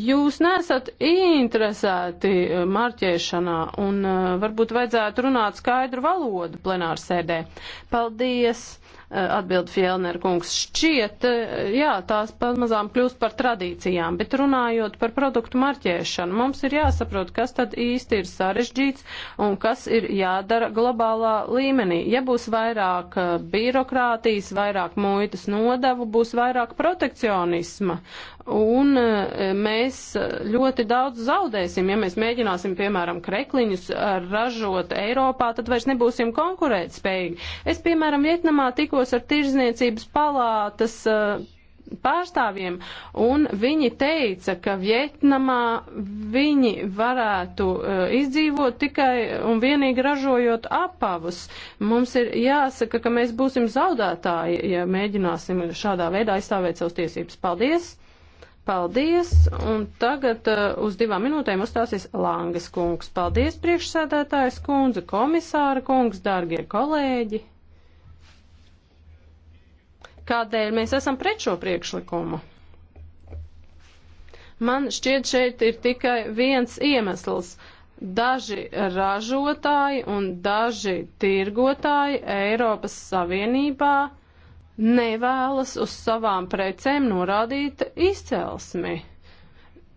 C: Jūs nesat interesēti eh, marķēšanā un uh, varbūt vajadzētu runāt skaidru valodu plenāru sēdē. Paldies, uh, atbild Fielner kungs. Šķiet, uh, jā, tās pamazām kļūst par tradīcijām, bet runājot par produktu marķēšanu, mums ir jāsaprot, kas tad īsti ir sarežģīts un kas ir jādara globālā līmenī. Ja būs vairāk birokrātijas, vairāk muitas nodevu, būs vairāk protekcionisma un e, mēs ļoti daudz zaudēsim. Ja mēs mēģināsim, piemēram, krekliņus ražot Eiropā, tad vairs nebūsim konkurētspējīgi. Es, piemēram, Vietnamā tikos ar tirzniecības palātas e, pārstāvjiem, un viņi teica, ka Vietnamā viņi varētu uh, izdzīvot tikai un vienīgi ražojot apavus. Mums ir jāsaka, ka mēs būsim zaudētāji, ja mēģināsim šādā veidā aizstāvēt savus tiesības. Paldies! Paldies, un tagad uh, uz divām minūtēm uzstāsies Langas kungs. Paldies, priekšsēdētājs kundze, komisāra kungs, dārgie kolēģi. Kādēļ mēs esam pret šo priekšlikumu? Man šķiet, šeit ir tikai viens iemesls. Daži ražotāji un daži tirgotāji Eiropas Savienībā nevēlas uz savām precēm norādīt izcelsmi.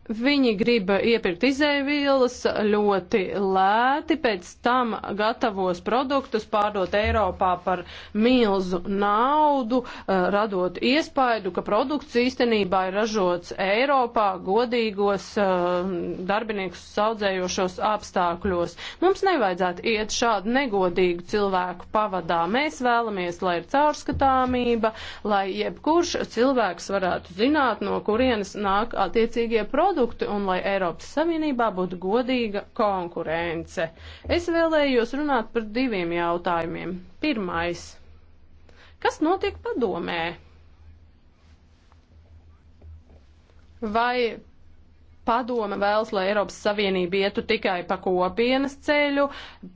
C: Viņi grib iepirkt izēvielas ļoti lēti, pēc tam gatavos produktus pārdot Eiropā par milzu naudu, eh, radot iespaidu, ka produkts īstenībā ir ražots Eiropā godīgos eh, darbiniekus saudzējošos apstākļos. Mums nevajadzētu iet šādu negodīgu cilvēku pavadā. Mēs vēlamies, lai ir caurskatāmība, lai jebkurš cilvēks varētu zināt, no kurienes nāk attiecīgie produkti produkti un lai Eiropas Savienībā būtu godīga konkurence. Es vēlējos runāt par diviem jautājumiem. Pirmais. Kas notiek padomē? Vai padome vēlas, lai Eiropas Savienība ietu tikai pa kopienas ceļu,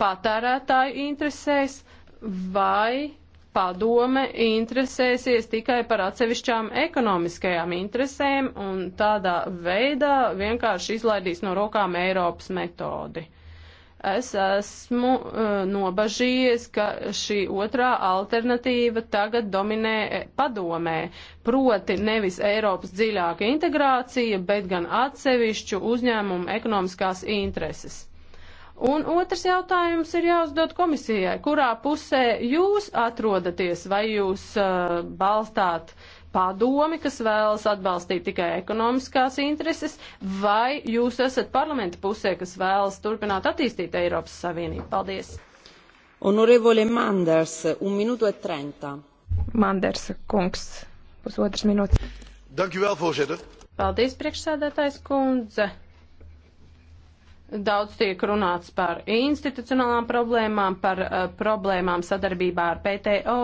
C: patērētāju interesēs, vai padome interesēsies tikai par atsevišķām ekonomiskajām interesēm un tādā veidā vienkārši izlaidīs no rokām Eiropas metodi. Es esmu uh, nobažījies, ka šī otrā alternatīva tagad dominē padomē, proti nevis Eiropas dziļāka integrācija, bet gan atsevišķu uzņēmumu ekonomiskās intereses. Un otrs jautājums ir jāuzdod komisijai, kurā pusē jūs atrodaties, vai jūs uh, balstāt padomi, kas vēlas atbalstīt tikai ekonomiskās intereses, vai jūs esat parlamenta pusē, kas vēlas turpināt attīstīt Eiropas Savienību. Paldies!
B: Honorevole Manders, un minūte 30.
A: Manders kungs, pusotras minūtes. Dankjewel, voorzitter.
C: Paldies, priekšsēdētājs kundze. Daudz tiek runāts par institucionālām problēmām, par uh, problēmām sadarbībā ar PTO.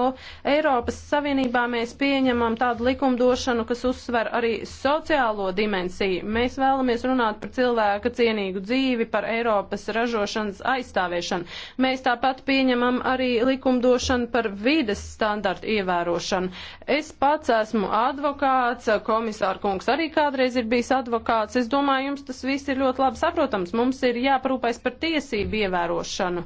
C: Eiropas Savienībā mēs pieņemam tādu likumdošanu, kas uzsver arī sociālo dimensiju. Mēs vēlamies runāt par cilvēka cienīgu dzīvi, par Eiropas ražošanas aizstāviešanu. Mēs tāpat pieņemam arī likumdošanu par vides standartu ievērošanu. Es pats esmu advokāts, komisāra kungs arī kādreiz ir bijis advokāts. Es domāju, jums tas viss ir ļoti labi saprotams. Mums mums ir jāparūpēs par tiesību ievērošanu.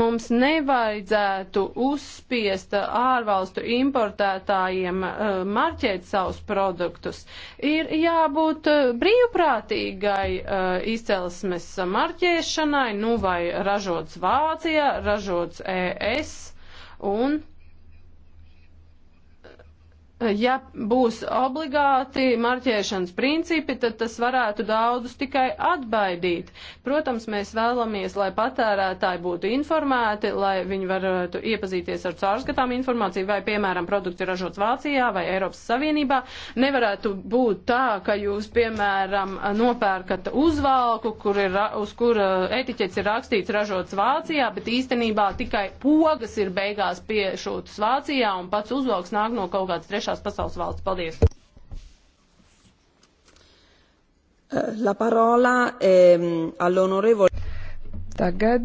C: Mums nevajadzētu uzspiest ārvalstu importētājiem eh, marķēt savus produktus. Ir jābūt eh, brīvprātīgai eh, izcelsmes marķēšanai, nu vai ražots Vācijā, ražots ES un ja būs obligāti marķēšanas principi, tad tas varētu daudzus tikai atbaidīt. Protams, mēs vēlamies, lai patērētāji būtu informēti, lai viņi varētu iepazīties ar caurskatām informāciju, vai, piemēram, produkts ir ražots Vācijā vai Eiropas Savienībā. Nevarētu būt tā, ka jūs, piemēram, nopērkat uzvalku, kur ir, uz kura etiķets ir rakstīts ražots Vācijā, bet īstenībā tikai pogas ir beigās piešūtas Vācijā un pats uzvalks nāk no kaut kādas trešās trešās pasaules valsts.
A: Paldies! Eh, la parola ehm, all'onorevole. Tagad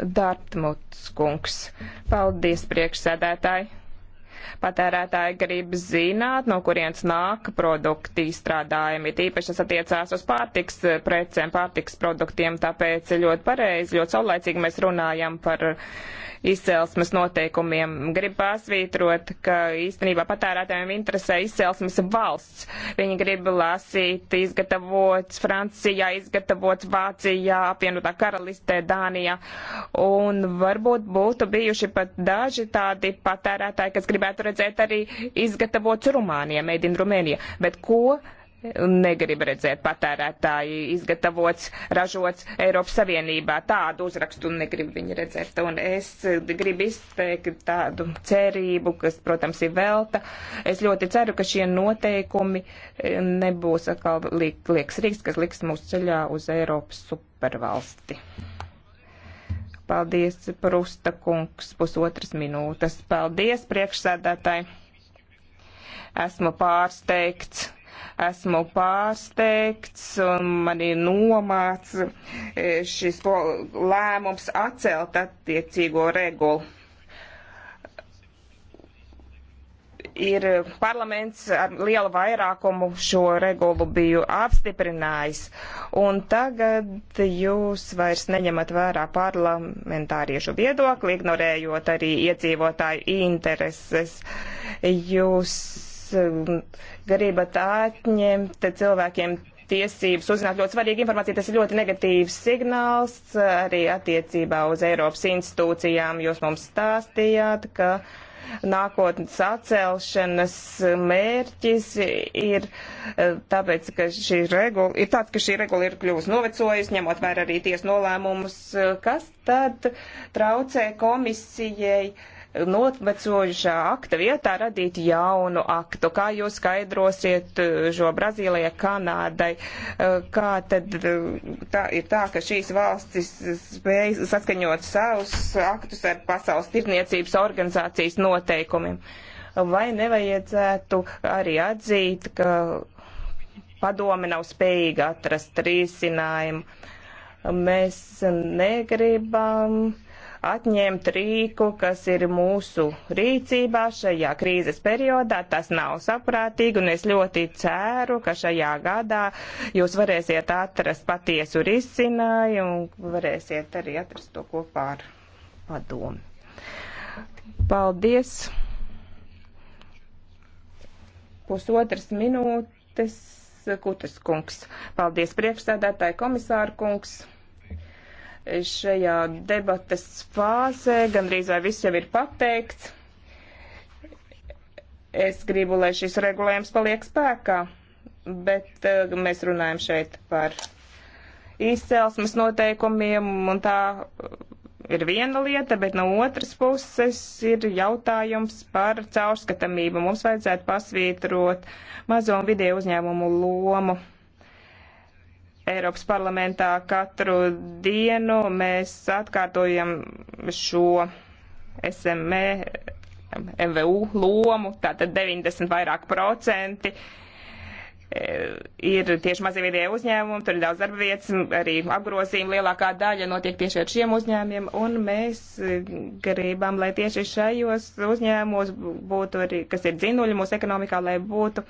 A: Dārtmuts kungs. Paldies, priekšsēdētāji! Patērētāji grib zināt, no kurienes nāk produkti izstrādājumi. Tīpaši tas attiecās uz pārtiks precēm, pārtiks produktiem, tāpēc ļoti pareizi, ļoti saulēcīgi mēs runājam par izcelsmes noteikumiem. Gribu pasvītrot, ka īstenībā patērētājiem interesē izcelsmes valsts. Viņi grib lasīt izgatavots Francijā, izgatavots Vācijā, apvienotā karalistē, Dānijā. Un varbūt būtu bijuši pat daži tādi patērētāji, kas gribētu redzēt arī izgatavots Rumānijā, Made in Rumānijā. Bet ko negrib redzēt patērētāji izgatavots, ražots Eiropas Savienībā. Tādu uzrakstu negrib viņi redzēt. Un es gribu izteikt tādu cerību, kas, protams, ir velta. Es ļoti ceru, ka šie noteikumi eh, nebūs atkal liekas rīks, kas liks mūsu ceļā uz Eiropas supervalsti. Paldies, Prusta kungs, pusotras minūtes. Paldies, priekšsēdētāji. Esmu pārsteigts Esmu pārsteigts un man ir nomāts e, šis lēmums atcelt attiecīgo regulu. ir parlaments ar lielu vairākumu šo regulu biju apstiprinājis, un tagad jūs vairs neņemat vērā parlamentāriešu viedokli, ignorējot arī iedzīvotāju intereses. Jūs Eh, gribat atņemt cilvēkiem tiesības uzzināt ļoti svarīgu informāciju. Tas ir ļoti negatīvs signāls eh, arī attiecībā uz Eiropas institūcijām. Jūs mums stāstījāt, ka nākotnes atcelšanas mērķis ir eh, tāpēc, ka šī regula ir tāds, ka šī regula ir kļuvusi novecojusi, ņemot vērā arī ties nolēmumus, kas tad traucē komisijai novecojušā akta vietā radīt jaunu aktu. Kā jūs skaidrosiet eh, šo Brazīlijai, Kanādai? Eh, kā tad eh, tā ir tā, ka šīs valstis spēj saskaņot savus aktus ar pasaules tirniecības organizācijas noteikumiem? Vai nevajadzētu arī atzīt, ka padome nav spējīga atrast risinājumu? Mēs negribam uh, atņemt rīku, kas ir mūsu rīcībā šajā krīzes periodā. Tas nav saprātīgi, un es ļoti ceru, ka šajā gadā jūs varēsiet atrast patiesu risinājumu un varēsiet arī atrast to kopā ar padomu. Paldies! Pusotras minūtes, Kutas kungs. Paldies priekšsēdētāji komisāru kungs šajā debates fāzē. Gandrīz vai viss jau ir pateikts. Es gribu, lai šis regulējums paliek spēkā, bet uh, mēs runājam šeit par izcelsmes noteikumiem un tā ir viena lieta, bet no otras puses ir jautājums par caurskatamību. Mums vajadzētu pasvītrot mazo un vidēju uzņēmumu lomu Eiropas parlamentā katru dienu mēs atkārtojam šo SME MVU lomu, tātad 90 vairāk procenti E, ir tieši mazie vidēji uzņēmumi, tur ir daudz darba vietas, arī apgrozījuma lielākā daļa notiek tieši ar šiem uzņēmiem, un mēs e, gribam, lai tieši šajos uzņēmumos būtu arī, kas ir dzinuļi mūsu ekonomikā, lai būtu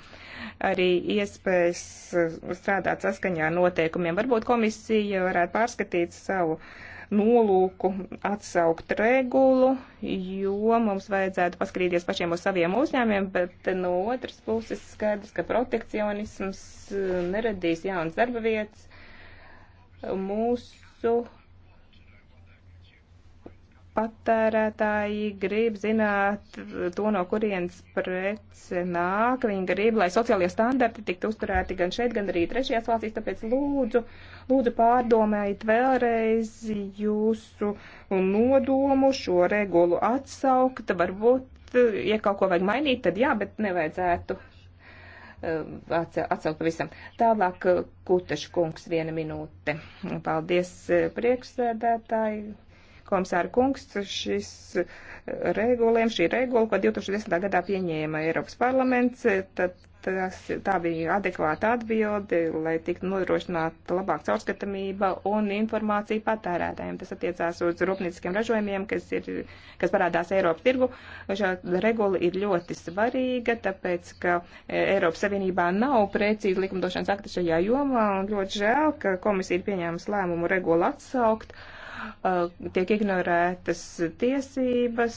A: arī iespējas e, strādāt saskaņā noteikumiem. Varbūt komisija varētu pārskatīt savu uh, nolūku atsaukt regulu, jo mums vajadzētu paskatīties pašiem uz saviem uzņēmiem, bet no otras puses skaidrs, ka protekcionisms eh, neradīs jaunas darba vietas. Mūsu patērētāji grib zināt to, no kurienes prece nāk. Viņi grib, lai sociālie standarti tiktu uzturēti gan šeit, gan arī trešajās valstīs. Tāpēc lūdzu, lūdzu pārdomājiet vēlreiz jūsu nodomu šo regulu atsaukt. Varbūt, ja kaut ko vajag mainīt, tad jā, bet nevajadzētu um, atcelt pavisam. Tālāk uh, Kutaškungs viena minūte. Paldies uh, priekšsēdētāji Komisāra kungs, šis eh, regulējums, šī regula, ko 2010. gadā pieņēma Eiropas parlaments, eh, tad tas, tā bija adekvāta atbildi, lai tiktu nodrošināta labāka caurskatamība un informācija patērētājiem. Tas attiecās uz rūpnieciskiem ražojumiem, kas, ir, kas parādās Eiropas tirgu. Šā regula ir ļoti svarīga, tāpēc, ka eh, Eiropas Savienībā nav precīzi likumdošanas akti šajā jomā, un ļoti žēl, ka komisija ir pieņēmusi lēmumu regulu atsaukt. Uh, Eh, tiek ignorētas tiesības,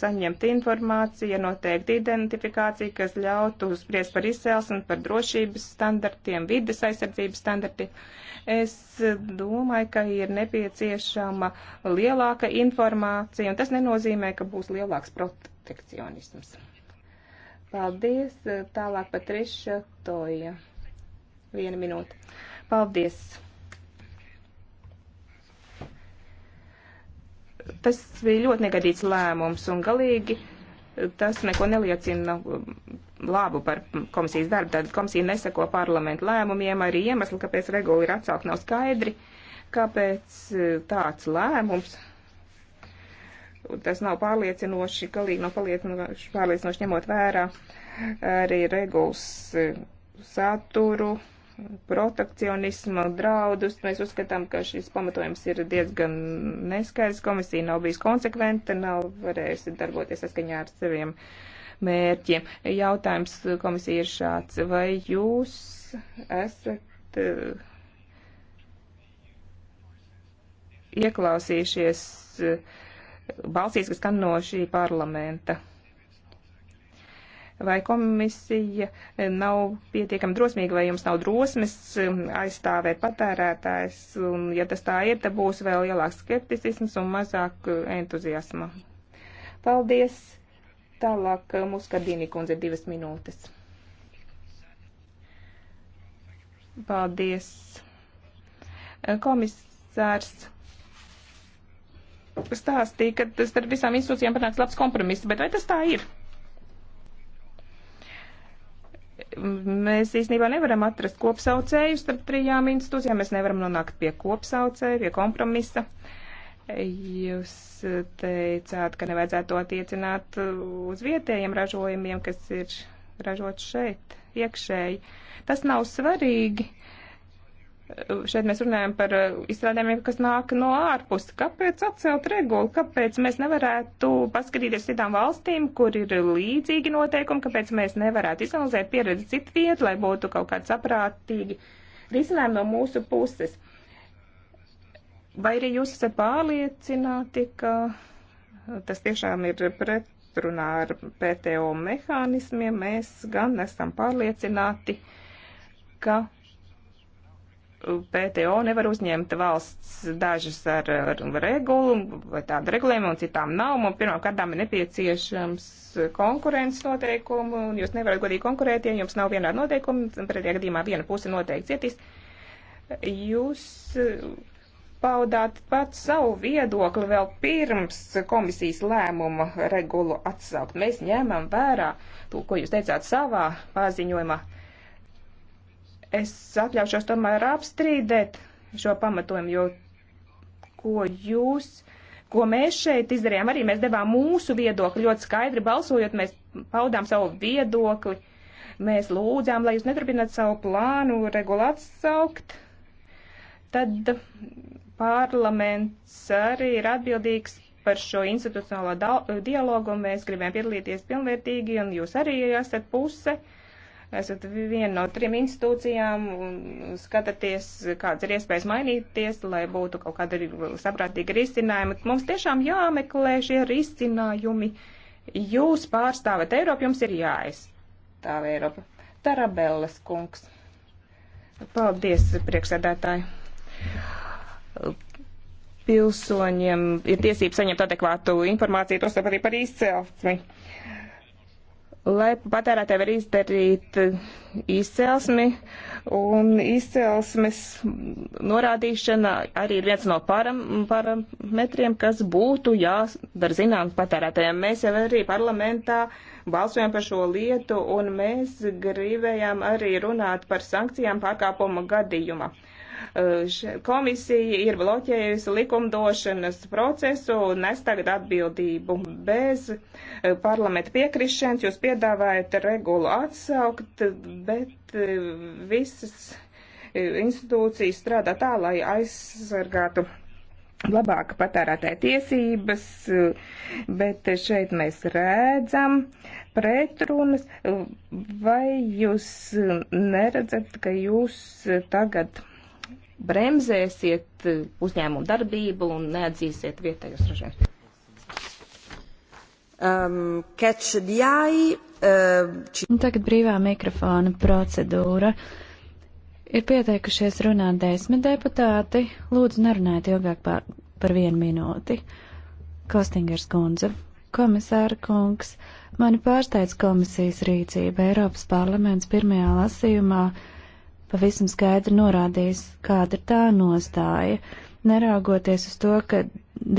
A: saņemt informāciju, noteikti identifikācija, kas ļautu spriest par izcelsmi, par drošības standartiem, vides aizsardzības standartiem. Es domāju, ka ir nepieciešama lielāka informācija, un tas nenozīmē, ka būs lielāks protekcionisms. Paldies. Tālāk Patriša Toja. Viena minūte. Paldies. Tas bija ļoti negadīts lēmums un galīgi tas neko neliecina labu par komisijas darbu. Tātad komisija nesako parlamentu lēmumiem, arī iemesli, kāpēc regula ir atcelt, nav skaidri, kāpēc e, tāds lēmums. Tas nav pārliecinoši, galīgi nav pārliecinoši, pārliecinoši ņemot vērā arī regulas e, saturu protekcionisma draudus. Mēs uzskatām, ka šis pamatojums ir diezgan neskaidrs. Komisija nav bijusi konsekventa, nav varējusi darboties saskaņā ar saviem mērķiem. Jautājums komisija ir šāds. Vai jūs esat eh, ieklausījušies eh, balsīs, kas skan no šī parlamenta? vai komisija nav pietiekami drosmīga, vai jums nav drosmes um, aizstāvēt patērētājs, un ja tas tā ir, tad būs vēl lielāks skepticisms un mazāk uh, entuziasma. Paldies! Tālāk uh, mūsu kadīnī kundze divas minūtes. Paldies! Uh, komisārs stāstīja, ka starp visām institūcijām panāks labs kompromiss, bet vai tas tā ir? mēs īstenībā nevaram atrast kopsaucēju starp trijām institūcijām, mēs nevaram nonākt pie kopsaucēja, pie kompromisa. Jūs teicāt, ka nevajadzētu to attiecināt uz vietējiem ražojumiem, kas ir ražots šeit, iekšēji. Tas nav svarīgi. Uh, šeit mēs runājam par eh, izstrādājumiem, kas nāk no ārpuses. Kāpēc atcelt regulu? Kāpēc mēs nevarētu paskatīties citām valstīm, kur ir līdzīgi noteikumi? Kāpēc mēs nevarētu izanalizēt pieredzi citu vietu, lai būtu kaut kāds saprātīgi risinājumi no mūsu puses? Vai arī jūs esat pārliecināti, ka tas tiešām ir pretrunā ar PTO mehānismiem? Mēs gan esam pārliecināti, ka PTO nevar uzņemt valsts dažas ar, ar regulu vai tādu regulējumu un citām nav. Un pirmkārt, ir nepieciešams konkurences noteikumu, un jūs nevarat godīgi konkurēt, ja jums nav vienāda noteikuma, un pretējā gadījumā viena puse noteikti cietīs. Jūs paudāt pats savu viedokli vēl pirms komisijas lēmuma regulu atsaukt. Mēs ņemam vērā to, ko jūs teicāt savā paziņojumā. Uh, Es atļaušos tomēr apstrīdēt šo pamatojumu, jo ko jūs, ko mēs šeit izdarījām, arī mēs devām mūsu viedokli ļoti skaidri balsojot, mēs paudām savu viedokli, mēs lūdzām, lai jūs neturpināt savu plānu regulāt saukt. Tad parlaments arī ir atbildīgs par šo institucionālo dialogu, un mēs gribējām piedalīties pilnvērtīgi, un jūs arī esat puse. Uh, esat viena no trim institūcijām un skatāties, kādas ir iespējas mainīties, lai būtu kaut kāda saprātīga risinājuma. Mums tiešām jāmeklē šie risinājumi. Jūs pārstāvat Eiropu, jums ir jāaizstāv Eiropa. Tarabellas kungs. Paldies, priekšsēdētāji pilsoņiem ir tiesības saņemt adekvātu informāciju, tostarp arī par izcelsmi lai patērētāji var izdarīt eh, izcelsmi, un izcelsmes norādīšana arī ir viens no param, parametriem, kas būtu jādara zināms patērētājiem. Mēs jau arī parlamentā balsojam par šo lietu, un mēs gribējām arī runāt par sankcijām pārkāpuma gadījumā. Komisija ir bloķējusi likumdošanas procesu un nes tagad atbildību. Bez parlamenta piekrišanas jūs piedāvājat regulu atsaukt, bet visas institūcijas strādā tā, lai aizsargātu labāk patērētāja tiesības, bet šeit mēs redzam pretrunas. Vai jūs neredzat, ka jūs tagad bremzēsiet eh, uzņēmumu darbību un neatzīsiet vietējos ražētājus?
B: Um, catch the eye. Uh, či... Tagad brīvā mikrofona procedūra. Ir pieteikušies runāt desmit deputāti. Lūdzu, nerunājiet ilgāk par, par vienu minūti. Kostingers kundze, komisāra kungs, mani pārsteidz komisijas rīcība. Eiropas parlaments pirmajā lasījumā uh, pavisam skaidri norādījis, kāda ir tā nostāja, neraugoties uz to, ka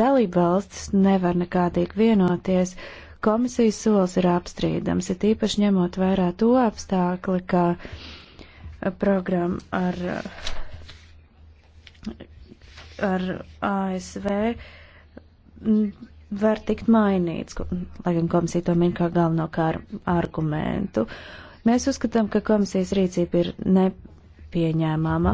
B: dalība valstis nevar nekādīgi vienoties. Komisijas solis ir apstrīdams, ir īpaši ņemot vērā to apstākli, ka programma ar, ar ASV var tikt mainīts, lai gan komisija to min kā galveno kā ar argumentu. Mēs uzskatām, ka komisijas rīcība ir ne, pieņēmama.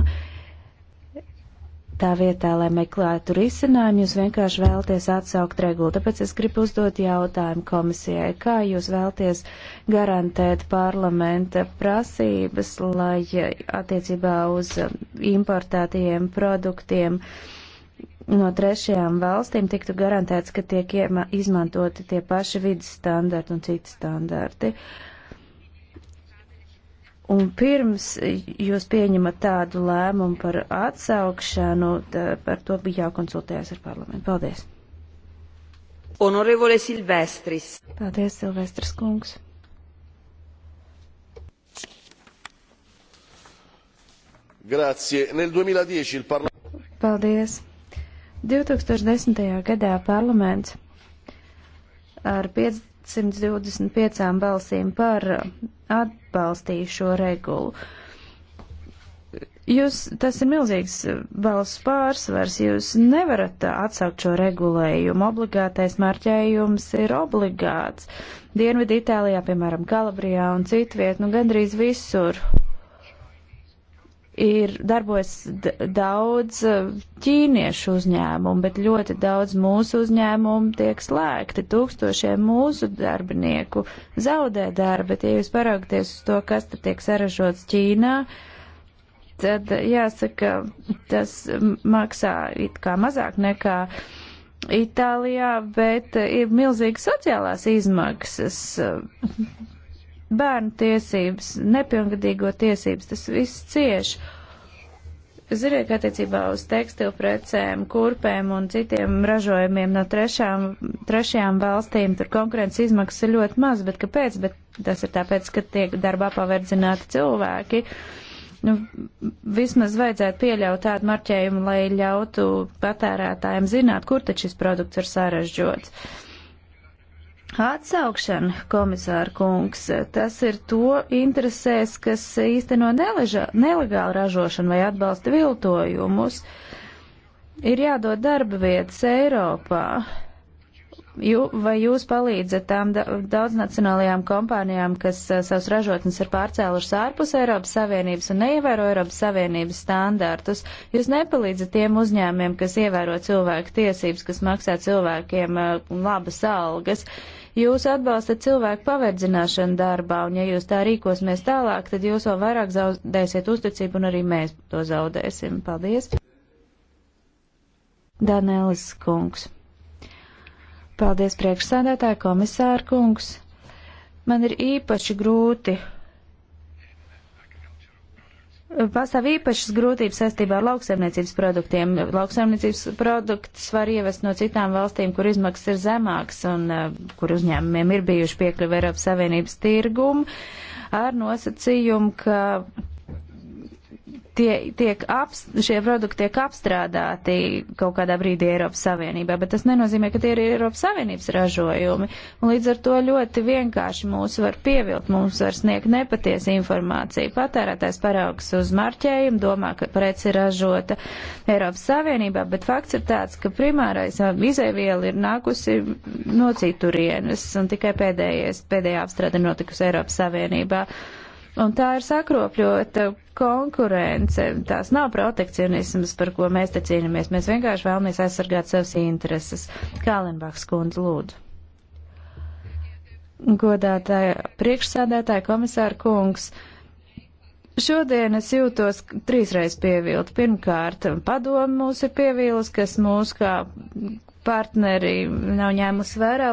B: Tā vietā, lai meklētu risinājumu, jūs vienkārši vēlties atsaukt regulu. Tāpēc es gribu uzdot jautājumu komisijai, kā jūs vēlties garantēt parlamenta prasības, lai attiecībā uz importētajiem produktiem no trešajām valstīm tiktu garantēts, ka tiek izmantoti tie paši vidas standarti un citi standarti. Uh, Un pirms jūs pieņemat tādu lēmumu par atsaukšanu, par to bija jākonsultējas ar parlamentu. Paldies.
A: Honorevole Silvestris.
B: Paldies, Silvestris kungs.
C: Grazie. Nel 2010 il parlamento.
B: Paldies. 2010. gadā parlaments ar 525 balsīm par atbalstīja šo regulu. Jūs, tas ir milzīgs balss eh, pārsvars, jūs nevarat eh, atsaukt šo regulējumu. Obligātais marķējums ir obligāts. Dienvidu Itālijā, piemēram, Kalabrijā un citviet, nu gandrīz visur ir darbojas daudz e, ķīniešu uzņēmumu, bet ļoti daudz mūsu uzņēmumu tiek slēgti. Tūkstošiem mūsu darbinieku zaudē darba, bet ja jūs paraugties uz to, kas tad tiek saražots Ķīnā, tad jāsaka, tas maksā it kā mazāk nekā Itālijā, bet ir milzīgas sociālās izmaksas bērnu tiesības, nepilngadīgo tiesības, tas viss cieši. Ziniet, attiecībā uz tekstilu precēm, kurpēm un citiem ražojumiem no trešām, trešajām valstīm tur konkurences izmaksas ir ļoti maz, bet kāpēc? Bet tas ir tāpēc, ka tiek darbā paverdzināti cilvēki. Nu, vismaz vajadzētu pieļaut tādu marķējumu, lai ļautu patērētājiem zināt, kur taču šis produkts ir sarežģots. Uh, Atsaukšana, komisāra kungs, tas ir to interesēs, kas īsteno neleža, nelegālu ražošanu vai atbalsta viltojumus. Ir jādod darba vietas Eiropā. Jū, vai jūs palīdzat tām daudznacionālajām kompānijām, kas savus ražotnes ir pārcēlušas ārpus Eiropas Savienības un neievēro Eiropas Savienības standārtus? Jūs nepalīdzat tiem uzņēmiem, kas ievēro cilvēku tiesības, kas maksā cilvēkiem labas algas? Jūs atbalstat cilvēku paverdzināšanu darbā, un ja jūs tā rīkosimies tālāk, tad jūs vēl vairāk zaudēsiet uzticību, un arī mēs to zaudēsim. Paldies! Danēlis Kungs. Paldies, priekšsēdētāji, komisāra kungs. Man ir īpaši grūti. Pastāv īpašas grūtības saistībā ar lauksaimniecības produktiem. Lauksaimniecības produkts var ievest no citām valstīm, kur izmaksas ir zemāks un uh, kur uzņēmumiem ir bijuši piekļuvi Eiropas Savienības tirgumu ar nosacījumu, ka tie, tiek aps, šie produkti tiek apstrādāti kaut kādā brīdī Eiropas Savienībā, bet tas nenozīmē, ka tie ir Eiropas Savienības ražojumi. Un līdz ar to ļoti vienkārši mūs var pievilt, mums var sniegt nepatiesa informācija. Patērētājs paraugs uz marķējumu, domā, ka preci ir ražota Eiropas Savienībā, bet fakts ir tāds, ka primārais izēviela ir nākusi no citurienes un tikai pēdējais, pēdējā apstrāde notikusi Eiropas Savienībā. Uh, Un tā ir sakropļota eh, konkurence. Tās nav protekcionisms, par ko mēs te cīnāmies. Mēs vienkārši vēlamies aizsargāt savas intereses. Kālenbachs kundze lūdzu. Godātāja priekšsādātāja komisāra kungs. Šodien es jūtos trīsreiz pievilt. Pirmkārt, padomu mūs ir pievīlus, kas mūs kā partneri nav ņēmusi vērā.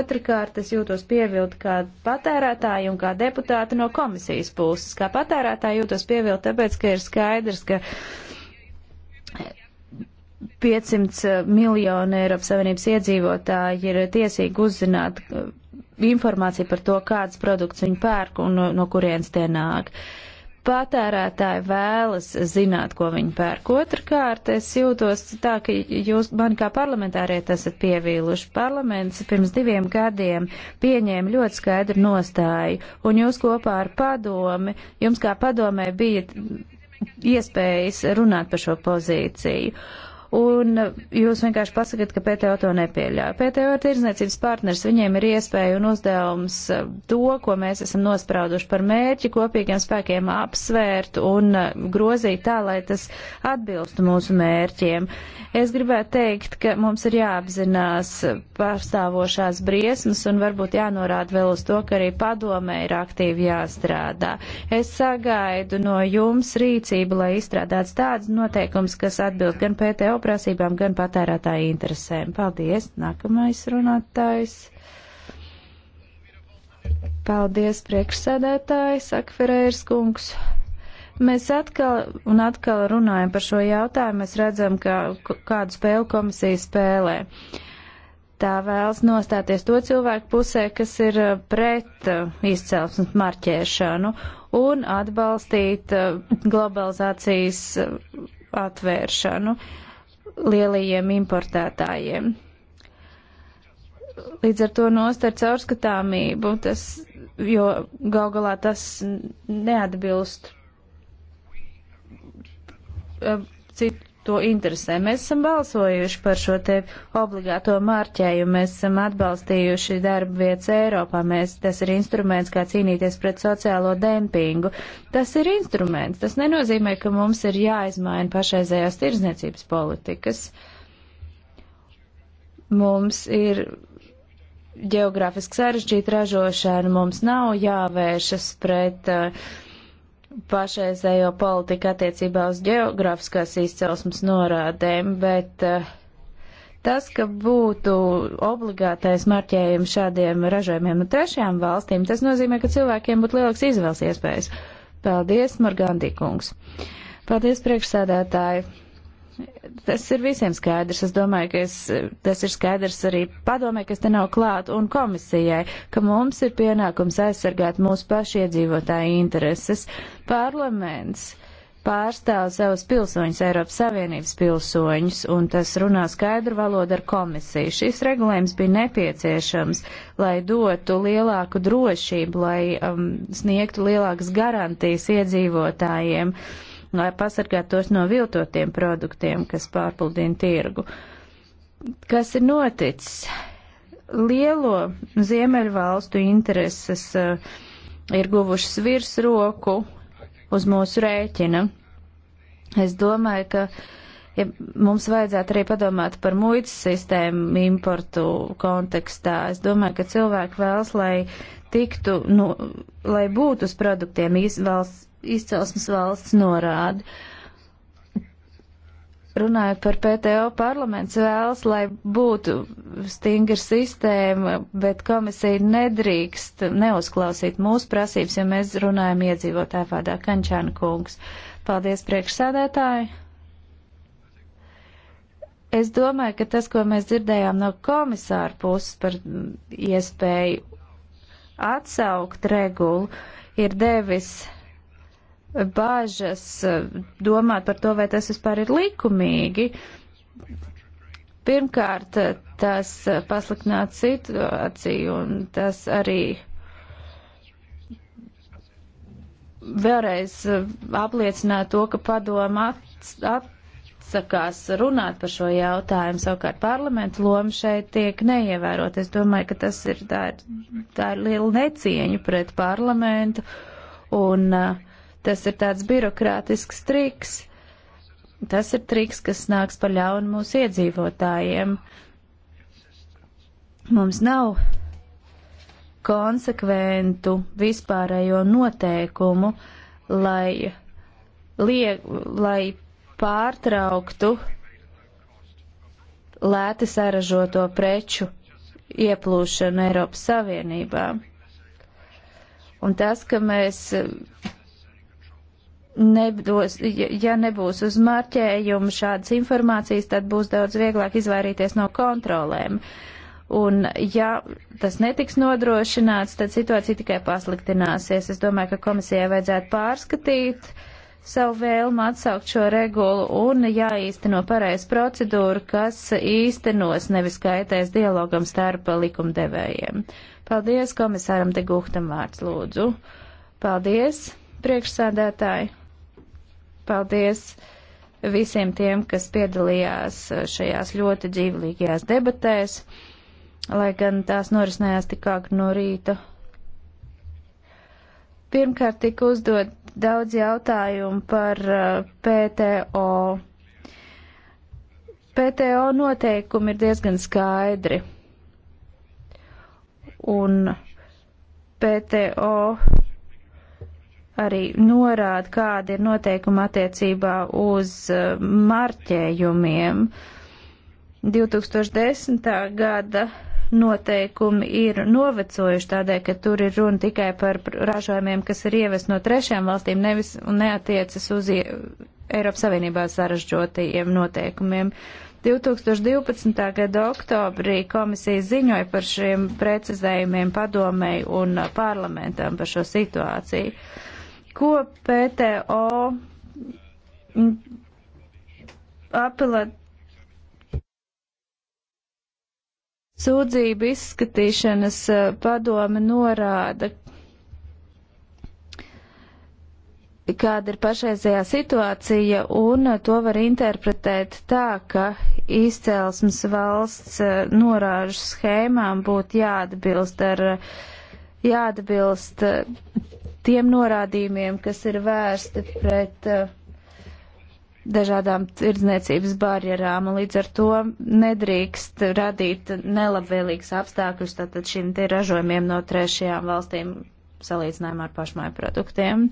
B: Otrakārt, es jūtos pievilta kā patērētāja un kā deputāta no komisijas puses. Kā patērētāja jūtos pievilta, tāpēc, ka ir skaidrs, ka 500 miljoni Eiropas Savienības iedzīvotāji ir tiesīgi uzzināt uh, informāciju par to, kādas produkts viņi pērk un no, no kurienes tie nāk. Uh, patērētāji vēlas zināt, ko viņi pērk. Otrakārt, es jūtos tā, ka jūs mani kā parlamentāriet esat pievīluši. Parlaments pirms diviem gadiem pieņēma ļoti skaidru nostāju, un jūs kopā ar padomi, jums kā padomē bija iespējas runāt par šo pozīciju. Uh, un jūs vienkārši pasakat, ka PTO to nepieļauj. PTO ir tirdzniecības partners, viņiem ir iespēja un uzdevums eh, to, ko mēs esam nosprauduši par mērķi, kopīgiem spēkiem apsvērt un eh, grozīt tā, lai tas atbilstu mūsu mērķiem. Es gribētu teikt, ka mums ir jāapzinās pārstāvošās briesmas un varbūt jānorāda vēl uz to, ka arī padomē ir aktīvi jāstrādā. Es sagaidu no jums rīcību, lai izstrādāts tāds noteikums, kas atbild gan PTO prasībām, gan patērētāju interesēm. Paldies! Nākamais runātājs. Paldies, priekšsēdētāji, saka Ferērs kungs. Mēs atkal un atkal runājam par šo jautājumu. Mēs redzam, ka kādu spēlu komisija spēlē. Tā vēlas nostāties to cilvēku pusē, kas ir uh, pret uh, izcelsmes marķēšanu un atbalstīt uh, globalizācijas atvēršanu. Uh, lielajiem importētājiem. Līdz ar to nostar caurskatāmību, tas, jo gal galā tas neatbilst citu to interesē. Mēs esam balsojuši par šo te obligāto mārķējumu, mēs esam atbalstījuši darba vietas Eiropā, mēs, tas ir instruments, kā cīnīties pret sociālo dempingu. Tas ir instruments, tas nenozīmē, ka mums ir jāizmaina pašreizējās tirzniecības politikas. Mums ir geogrāfiski sarežģīta ražošana, mums nav jāvēršas pret uh, pašreizējo politiku attiecībā uz geogrāfiskās izcelsmes norādēm, bet eh, tas, ka būtu obligātais marķējums šādiem ražojumiem no trešajām valstīm, tas nozīmē, ka cilvēkiem būtu lielāks izvēles iespējas. Paldies, Morgandī kungs! Paldies, priekšsēdētāji! Tas ir visiem skaidrs. Es domāju, ka es, tas ir skaidrs arī padomē, kas te nav klāt, un komisijai, ka mums ir pienākums aizsargāt mūsu pašu iedzīvotāju intereses. Parlaments pārstāv savus pilsoņus, Eiropas Savienības pilsoņus, un tas runā skaidru valodu ar komisiju. Šis regulējums bija nepieciešams, lai dotu lielāku drošību, lai um, sniegtu lielākas garantijas iedzīvotājiem. Uh, lai pasargātos no viltotiem produktiem, kas pārpildina tirgu. Kas ir noticis? Lielo ziemeļvalstu intereses uh, ir guvušas virsroku uz mūsu rēķina. Es domāju, ka ja mums vajadzētu arī padomāt par muitas sistēmu importu kontekstā. Es domāju, ka cilvēki vēlas, lai tiktu, nu, lai būtu uz produktiem izvalsts izcelsmes valsts norādi. Runājot par PTO, parlaments vēlas, lai būtu stingra sistēma, bet komisija nedrīkst neuzklausīt mūsu prasības, jo mēs runājam iedzīvotāju vārdā. Kančāna kungs, paldies priekšsādētāji! es domāju, ka tas, ko mēs dzirdējām no komisāra puses par iespēju atsaukt regulu, ir devis bāžas domāt par to, vai tas vispār ir likumīgi. Pirmkārt, tas pasliktinātu situāciju un tas arī vēlreiz apliecināja to, ka padoma atsakās runāt par šo jautājumu. Savukārt parlamentu loma šeit tiek neievērot. Es domāju, ka tas ir tā, ir, tā ir liela necieņa pret parlamentu. Un uh, Tas ir tāds birokrātisks triks. Tas ir triks, kas nāks par ļaunu mūsu iedzīvotājiem. Mums nav konsekventu vispārējo noteikumu, lai, liek, lai pārtrauktu lēti saražoto preču ieplūšanu Eiropas Savienībā. Un tas, ka mēs nebūs, ja nebūs uz marķējumu šādas informācijas, tad būs daudz vieglāk izvairīties no kontrolēm. Un ja tas netiks nodrošināts, tad situācija tikai pasliktināsies. Es domāju, ka komisijai vajadzētu pārskatīt savu vēlmu atsaukt šo regulu un jāīsteno pareiz procedūru, kas īstenos nevis kaitēs dialogam starp likumdevējiem. Paldies komisāram Deguhtam vārds lūdzu. Paldies, priekšsādētāji. Paldies visiem tiem, kas piedalījās šajās ļoti dzīvlīgajās debatēs, lai gan tās norisinājās tik agri no rīta. Pirmkārt tika uzdot daudz jautājumu par uh, PTO. PTO noteikumi ir diezgan skaidri. Un PTO arī norāda, kāda ir noteikuma attiecībā uz eh, marķējumiem. 2010. gada noteikumi ir novecojuši tādēļ, ka tur ir runa tikai par ražojumiem, kas ir ievest no trešām valstīm, nevis un neatiecas uz Eiropas Savienībā sarežģotajiem noteikumiem. 2012. gada oktobrī komisija ziņoja par šiem precizējumiem padomēji un eh, parlamentam par šo situāciju. Uh, Ko PTO apelēt sūdzību izskatīšanas eh, padome norāda, kāda ir pašreizējā situācija, un eh, to var interpretēt tā, ka izcelsmes valsts eh, norāžu schēmām būtu jāatbilst ar jāatbilst tiem norādījumiem, kas ir vērsti pret eh, dažādām tirdzniecības barjerām, un līdz ar to nedrīkst radīt nelabvēlīgas apstākļus tātad šim te ražojumiem no trešajām valstīm salīdzinājumā ar pašmāju produktiem.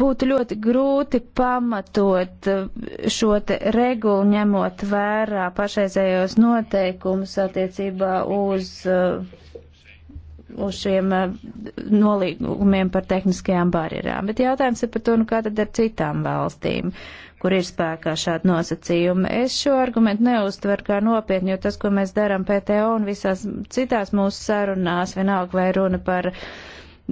B: Būtu ļoti grūti pamatot eh, šo te regulu, ņemot vērā pašreizējos noteikumus attiecībā uz uh, uz šiem eh, nolīgumiem par tehniskajām barjerām. Bet jautājums ir par to, nu kā tad ar citām valstīm, kur ir spēkā šādi nosacījumi. Es šo argumentu neuztveru kā nopietni, jo tas, ko mēs darām PTO un visās citās mūsu sarunās, vienalga vai runa par uh,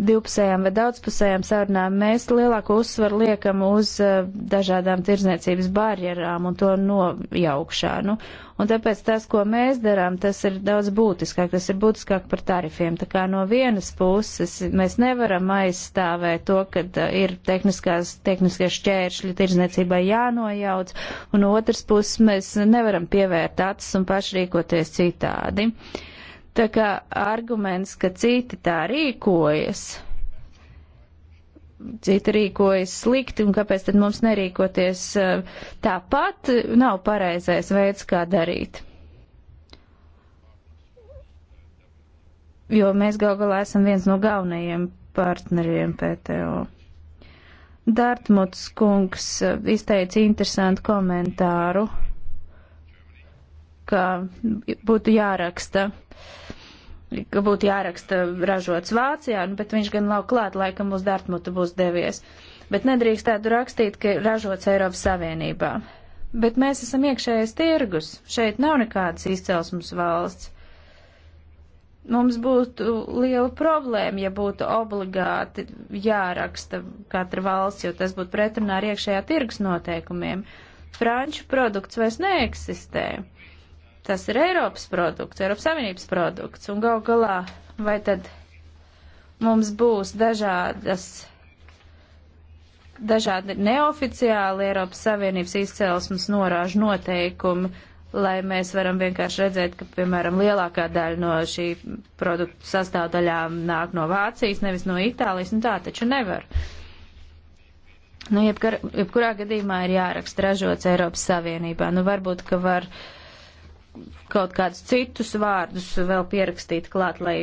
B: divpusējām vai daudzpusējām sarunām, mēs lielāko uzsvaru liekam uz eh, dažādām tirzniecības barjerām un to nojaukšanu. Un tāpēc tas, ko mēs darām, tas ir daudz būtiskāk, tas ir būtiskāk par tarifiem. Tā kā no vienas puses mēs nevaram aizstāvēt to, ka eh, ir tehniskie šķēršļi tirzniecībai jānojauc, un no otras puses mēs nevaram pievērt acis un pašrīkoties citādi. Uh, Tā kā arguments, ka citi tā rīkojas, citi rīkojas slikti un kāpēc tad mums nerīkoties eh, tāpat, nav pareizais veids, kā darīt. Jo mēs gal galā esam viens no galvenajiem partneriem PTO. Dārtmuts kungs eh, izteica interesantu komentāru ka būtu jāraksta ka būtu jāraksta ražots Vācijā, nu, bet viņš gan nav klāt, laikam uz Dartmutu būs devies. Bet nedrīkst tādu rakstīt, ka ražots Eiropas Savienībā. Bet mēs esam iekšējais tirgus, šeit nav nekādas izcelsmes valsts. Mums būtu liela problēma, ja būtu obligāti jāraksta katra valsts, jo tas būtu pretrunā ar iekšējā tirgus noteikumiem. Franču produkts vairs neeksistē. Uh, Tas ir Eiropas produkts, Eiropas Savienības produkts, un gal galā vai tad mums būs dažādas, dažādi neoficiāli Eiropas Savienības izcelsmes norāžu noteikumi, lai mēs varam vienkārši redzēt, ka, piemēram, lielākā daļa no šī produktu sastāvdaļām nāk no Vācijas, nevis no Itālijas, un tā taču nevar. Nu, jebkar, jebkurā gadījumā ir jāraksta ražots Eiropas Savienībā. Nu, varbūt, ka var uh, kaut kādus citus vārdus vēl pierakstīt klāt, lai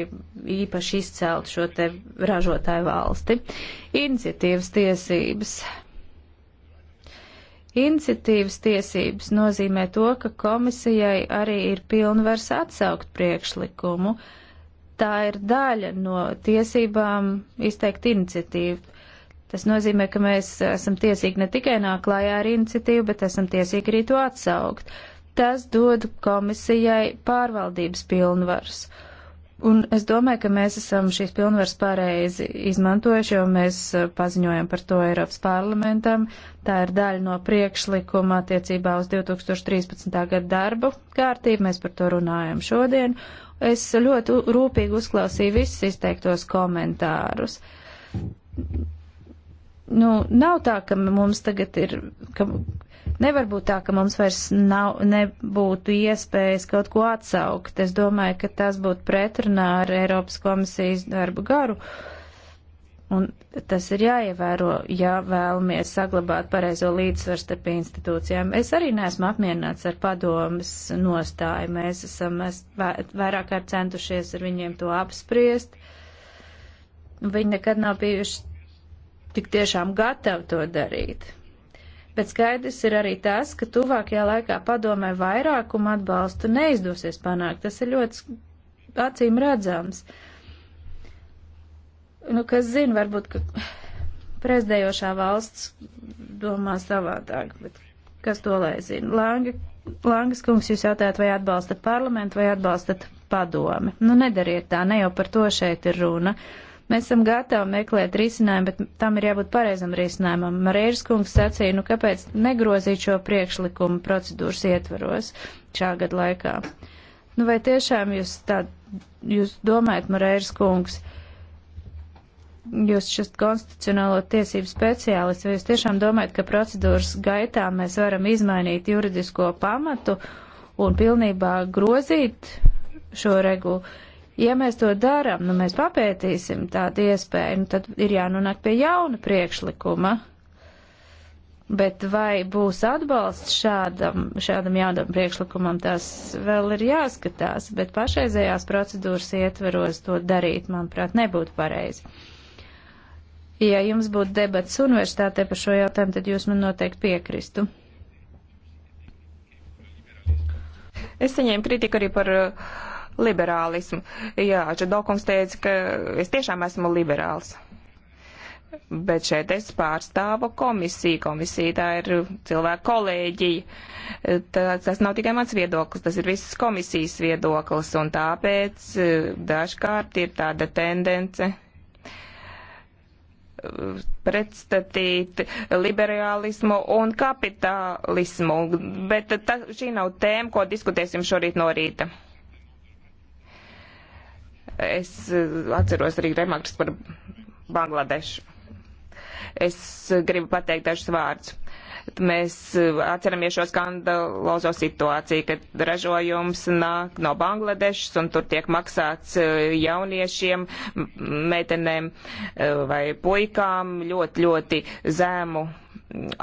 B: īpaši izcelt šo te ražotāju valsti. Iniciatīvas tiesības. Iniciatīvas tiesības nozīmē to, ka komisijai arī ir pilnvars atsaukt priekšlikumu. Tā ir daļa no tiesībām izteikt iniciatīvu. Tas nozīmē, ka mēs esam tiesīgi ne tikai nāk klājā ar iniciatīvu, bet esam tiesīgi arī to atsaukt. Uh, Tas dod komisijai pārvaldības pilnvaras. Un es domāju, ka mēs esam šīs pilnvaras pareizi izmantojuši, jo mēs eh, paziņojam par to Eiropas parlamentam. Tā ir daļa no priekšlikuma attiecībā uz 2013. gada darbu kārtību. Mēs par to runājam šodien. Es ļoti rūpīgi uzklausīju visus izteiktos komentārus. Nu, nav tā, ka mums tagad ir, ka Nevar būt tā, ka mums vairs nav, nebūtu iespējas kaut ko atsaukt. Es domāju, ka tas būtu pretrunā ar Eiropas komisijas darbu garu. Un tas ir jāievēro, ja vēlamies saglabāt pareizo līdzsvaru starp institūcijām. Es arī neesmu apmierināts ar padomas nostāju. Mēs esam mēs vairāk kārt centušies ar viņiem to apspriest. Viņi nekad nav bijuši tik tiešām gatavi to darīt bet skaidrs ir arī tas, ka tuvākajā laikā padomē vairākumu atbalstu neizdosies panākt. Tas ir ļoti acīm redzams. Nu, kas zina, varbūt, ka prezidējošā valsts domā savādāk, bet kas to lai zina. Langa, Langas kungs, jūs jautājat, vai atbalstat parlamentu, vai atbalstat padomi. Nu, nedariet tā, ne jau par to šeit ir runa. Uh, Mēs esam gatavi meklēt risinājumu, bet tam ir jābūt pareizam risinājumam. Marēžas kungs sacīja, nu kāpēc negrozīt šo priekšlikumu procedūras ietvaros šā gada laikā? Nu vai tiešām jūs tā, jūs domājat, Marēžas kungs, jūs šis konstitucionālo tiesību speciālists, vai jūs tiešām domājat, ka procedūras gaitā mēs varam izmainīt juridisko pamatu un pilnībā grozīt šo regulu? ja mēs to darām, nu mēs papētīsim tādu iespēju, nu tad ir jānonāk pie jauna priekšlikuma. Bet vai būs atbalsts šādam, šādam jaunam priekšlikumam, tas vēl ir jāskatās, bet pašreizējās procedūras ietveros to darīt, manuprāt, nebūtu pareizi. Ja jums būtu debats universitātē par šo jautājumu, tad jūs man noteikti piekristu. Es
A: saņēmu kritiku arī par uh, liberālismu. Jā, Čadokungs teica, ka es tiešām esmu liberāls. Bet šeit es pārstāvu komisiju. Komisija tā ir cilvēku kolēģija. Tā, tas nav tikai mans viedoklis, tas ir visas komisijas viedoklis. Un tāpēc eh, dažkārt ir tāda tendence eh, pretstatīt liberālismu un kapitālismu, bet ta, šī nav tēma, ko diskutēsim šorīt no rīta. Es eh, atceros arī remarkas par Bangladešu. Es eh, gribu pateikt dažus vārdus. Mēs eh, atceramies šo skandalozo situāciju, kad ražojums nāk no Bangladešas un tur tiek maksāts jauniešiem, meitenēm vai puikām ļoti, ļoti zēmu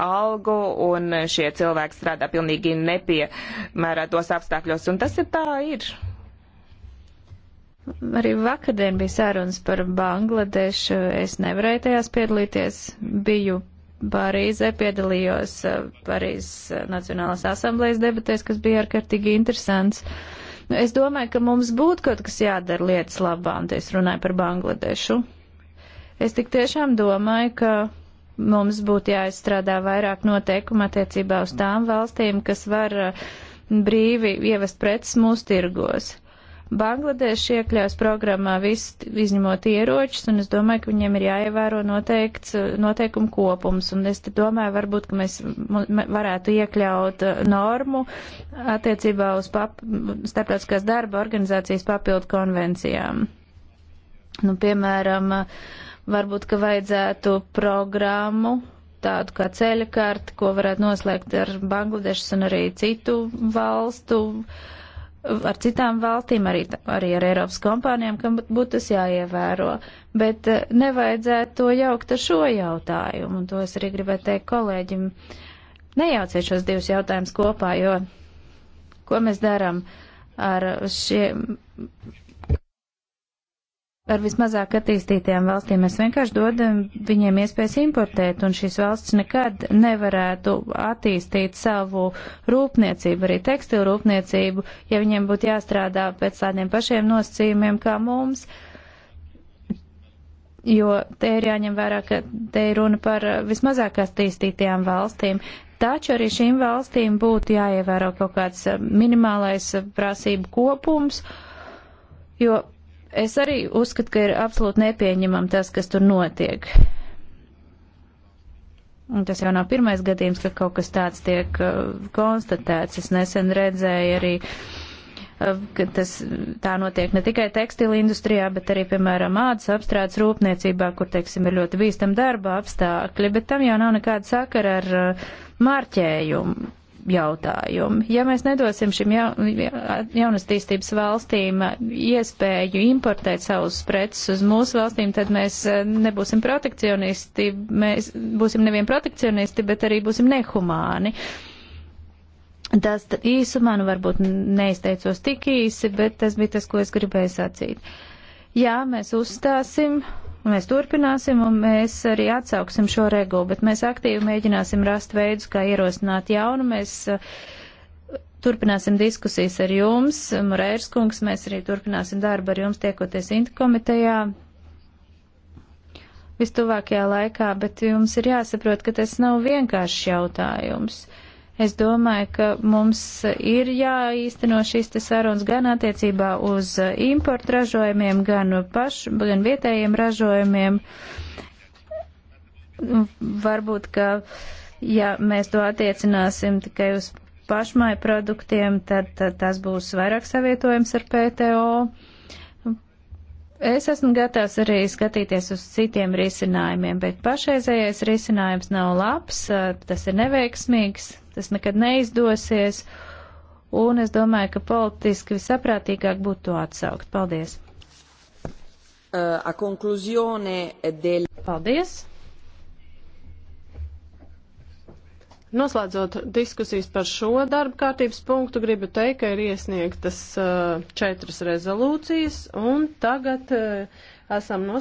A: algu, un šie cilvēki strādā pilnīgi nepiemērētos apstākļos, un tas ir tā ir.
B: Arī vakardien bija sarunas par Bangladešu. Es nevarēju tajās piedalīties. Biju Parīzē, piedalījos uh, Parīzes uh, Nacionālās asamblējas debatēs, kas bija ārkārtīgi interesants. Nu, es domāju, ka mums būtu kaut kas jādara lietas labā, un te es runāju par Bangladešu. Es tik tiešām domāju, ka mums būtu jāizstrādā vairāk noteikumu attiecībā uz tām valstīm, kas var uh, brīvi ievest preces mūsu tirgos. Bangladeši iekļaus programmā viss izņemot ieročus, un es domāju, ka viņiem ir jāievēro noteikts noteikumu kopums, un es te domāju, varbūt, ka mēs varētu iekļaut uh, normu attiecībā uz pap, starptautiskās darba organizācijas papildu konvencijām. Nu, piemēram, varbūt, ka vajadzētu programmu tādu kā ceļa karti, ko varētu noslēgt ar Bangladešas un arī citu valstu uh, ar citām valstīm, arī, arī ar Eiropas kompānijām, kam būtu tas jāievēro. Bet eh, nevajadzētu to jaukt ar šo jautājumu, un to es arī gribētu teikt kolēģim. Nejauciet šos divus jautājumus kopā, jo ko mēs darām ar šiem ar vismazāk attīstītajām valstīm. Mēs vienkārši dodam viņiem iespējas importēt, un šīs valsts nekad nevarētu attīstīt savu rūpniecību, arī tekstilu rūpniecību, ja viņiem būtu jāstrādā pēc tādiem pašiem nosacījumiem kā mums. Jo te ir jāņem vērā, ka te ir runa par vismazāk attīstītajām valstīm. Taču arī šīm valstīm būtu jāievēro kaut kāds minimālais prasību kopums, jo es arī uzskatu, ka ir absolūti nepieņemam tas, kas tur notiek. Un tas jau nav pirmais gadījums, ka kaut kas tāds tiek uh, konstatēts. Es nesen redzēju arī, uh, ka tas tā notiek ne tikai tekstila industrijā, bet arī, piemēram, ādas apstrādes rūpniecībā, kur, teiksim, ir ļoti bīstam darba apstākļi, bet tam jau nav nekāda sakara ar uh, mārķējumu jautājumi. Ja mēs nedosim šim ja, jaunastīstības valstīm iespēju importēt savus preces uz mūsu valstīm, tad mēs eh, nebūsim protekcionisti, mēs būsim nevien protekcionisti, bet arī būsim nehumāni. Tas īsumā, nu varbūt neizteicos tik īsi, bet tas bija tas, ko es gribēju sacīt. Jā, mēs uzstāsim Un mēs turpināsim, un mēs arī atsauksim šo regulu, bet mēs aktīvi mēģināsim rast veidus, kā ierosināt jaunu. Mēs uh, turpināsim diskusijas ar jums, Morērs kungs, mēs arī turpināsim darbu ar jums tiekoties Intkomitejā vistuvākajā laikā, bet jums ir jāsaprot, ka tas nav vienkāršs jautājums. Uh, Es domāju, ka mums ir jāīsteno šīs te sarunas gan attiecībā uz importu ražojumiem, gan, paš, gan vietējiem ražojumiem. Nu, varbūt, ka ja mēs to attiecināsim tikai uz pašmai produktiem, tad, tad tas būs vairāk savietojums ar PTO. Es esmu gatavs arī skatīties uz citiem risinājumiem, bet pašreizējais risinājums nav labs, tas ir neveiksmīgs, tas nekad neizdosies, un es domāju, ka politiski visaprātīgāk būtu to atsaukt. Paldies! Eh, a conclusione del... Paldies!
C: Noslēdzot diskusijas par šo darba kārtības punktu, gribu teikt, ka ir iesniegtas uh, četras rezolūcijas, un tagad uh, esam noslēguši.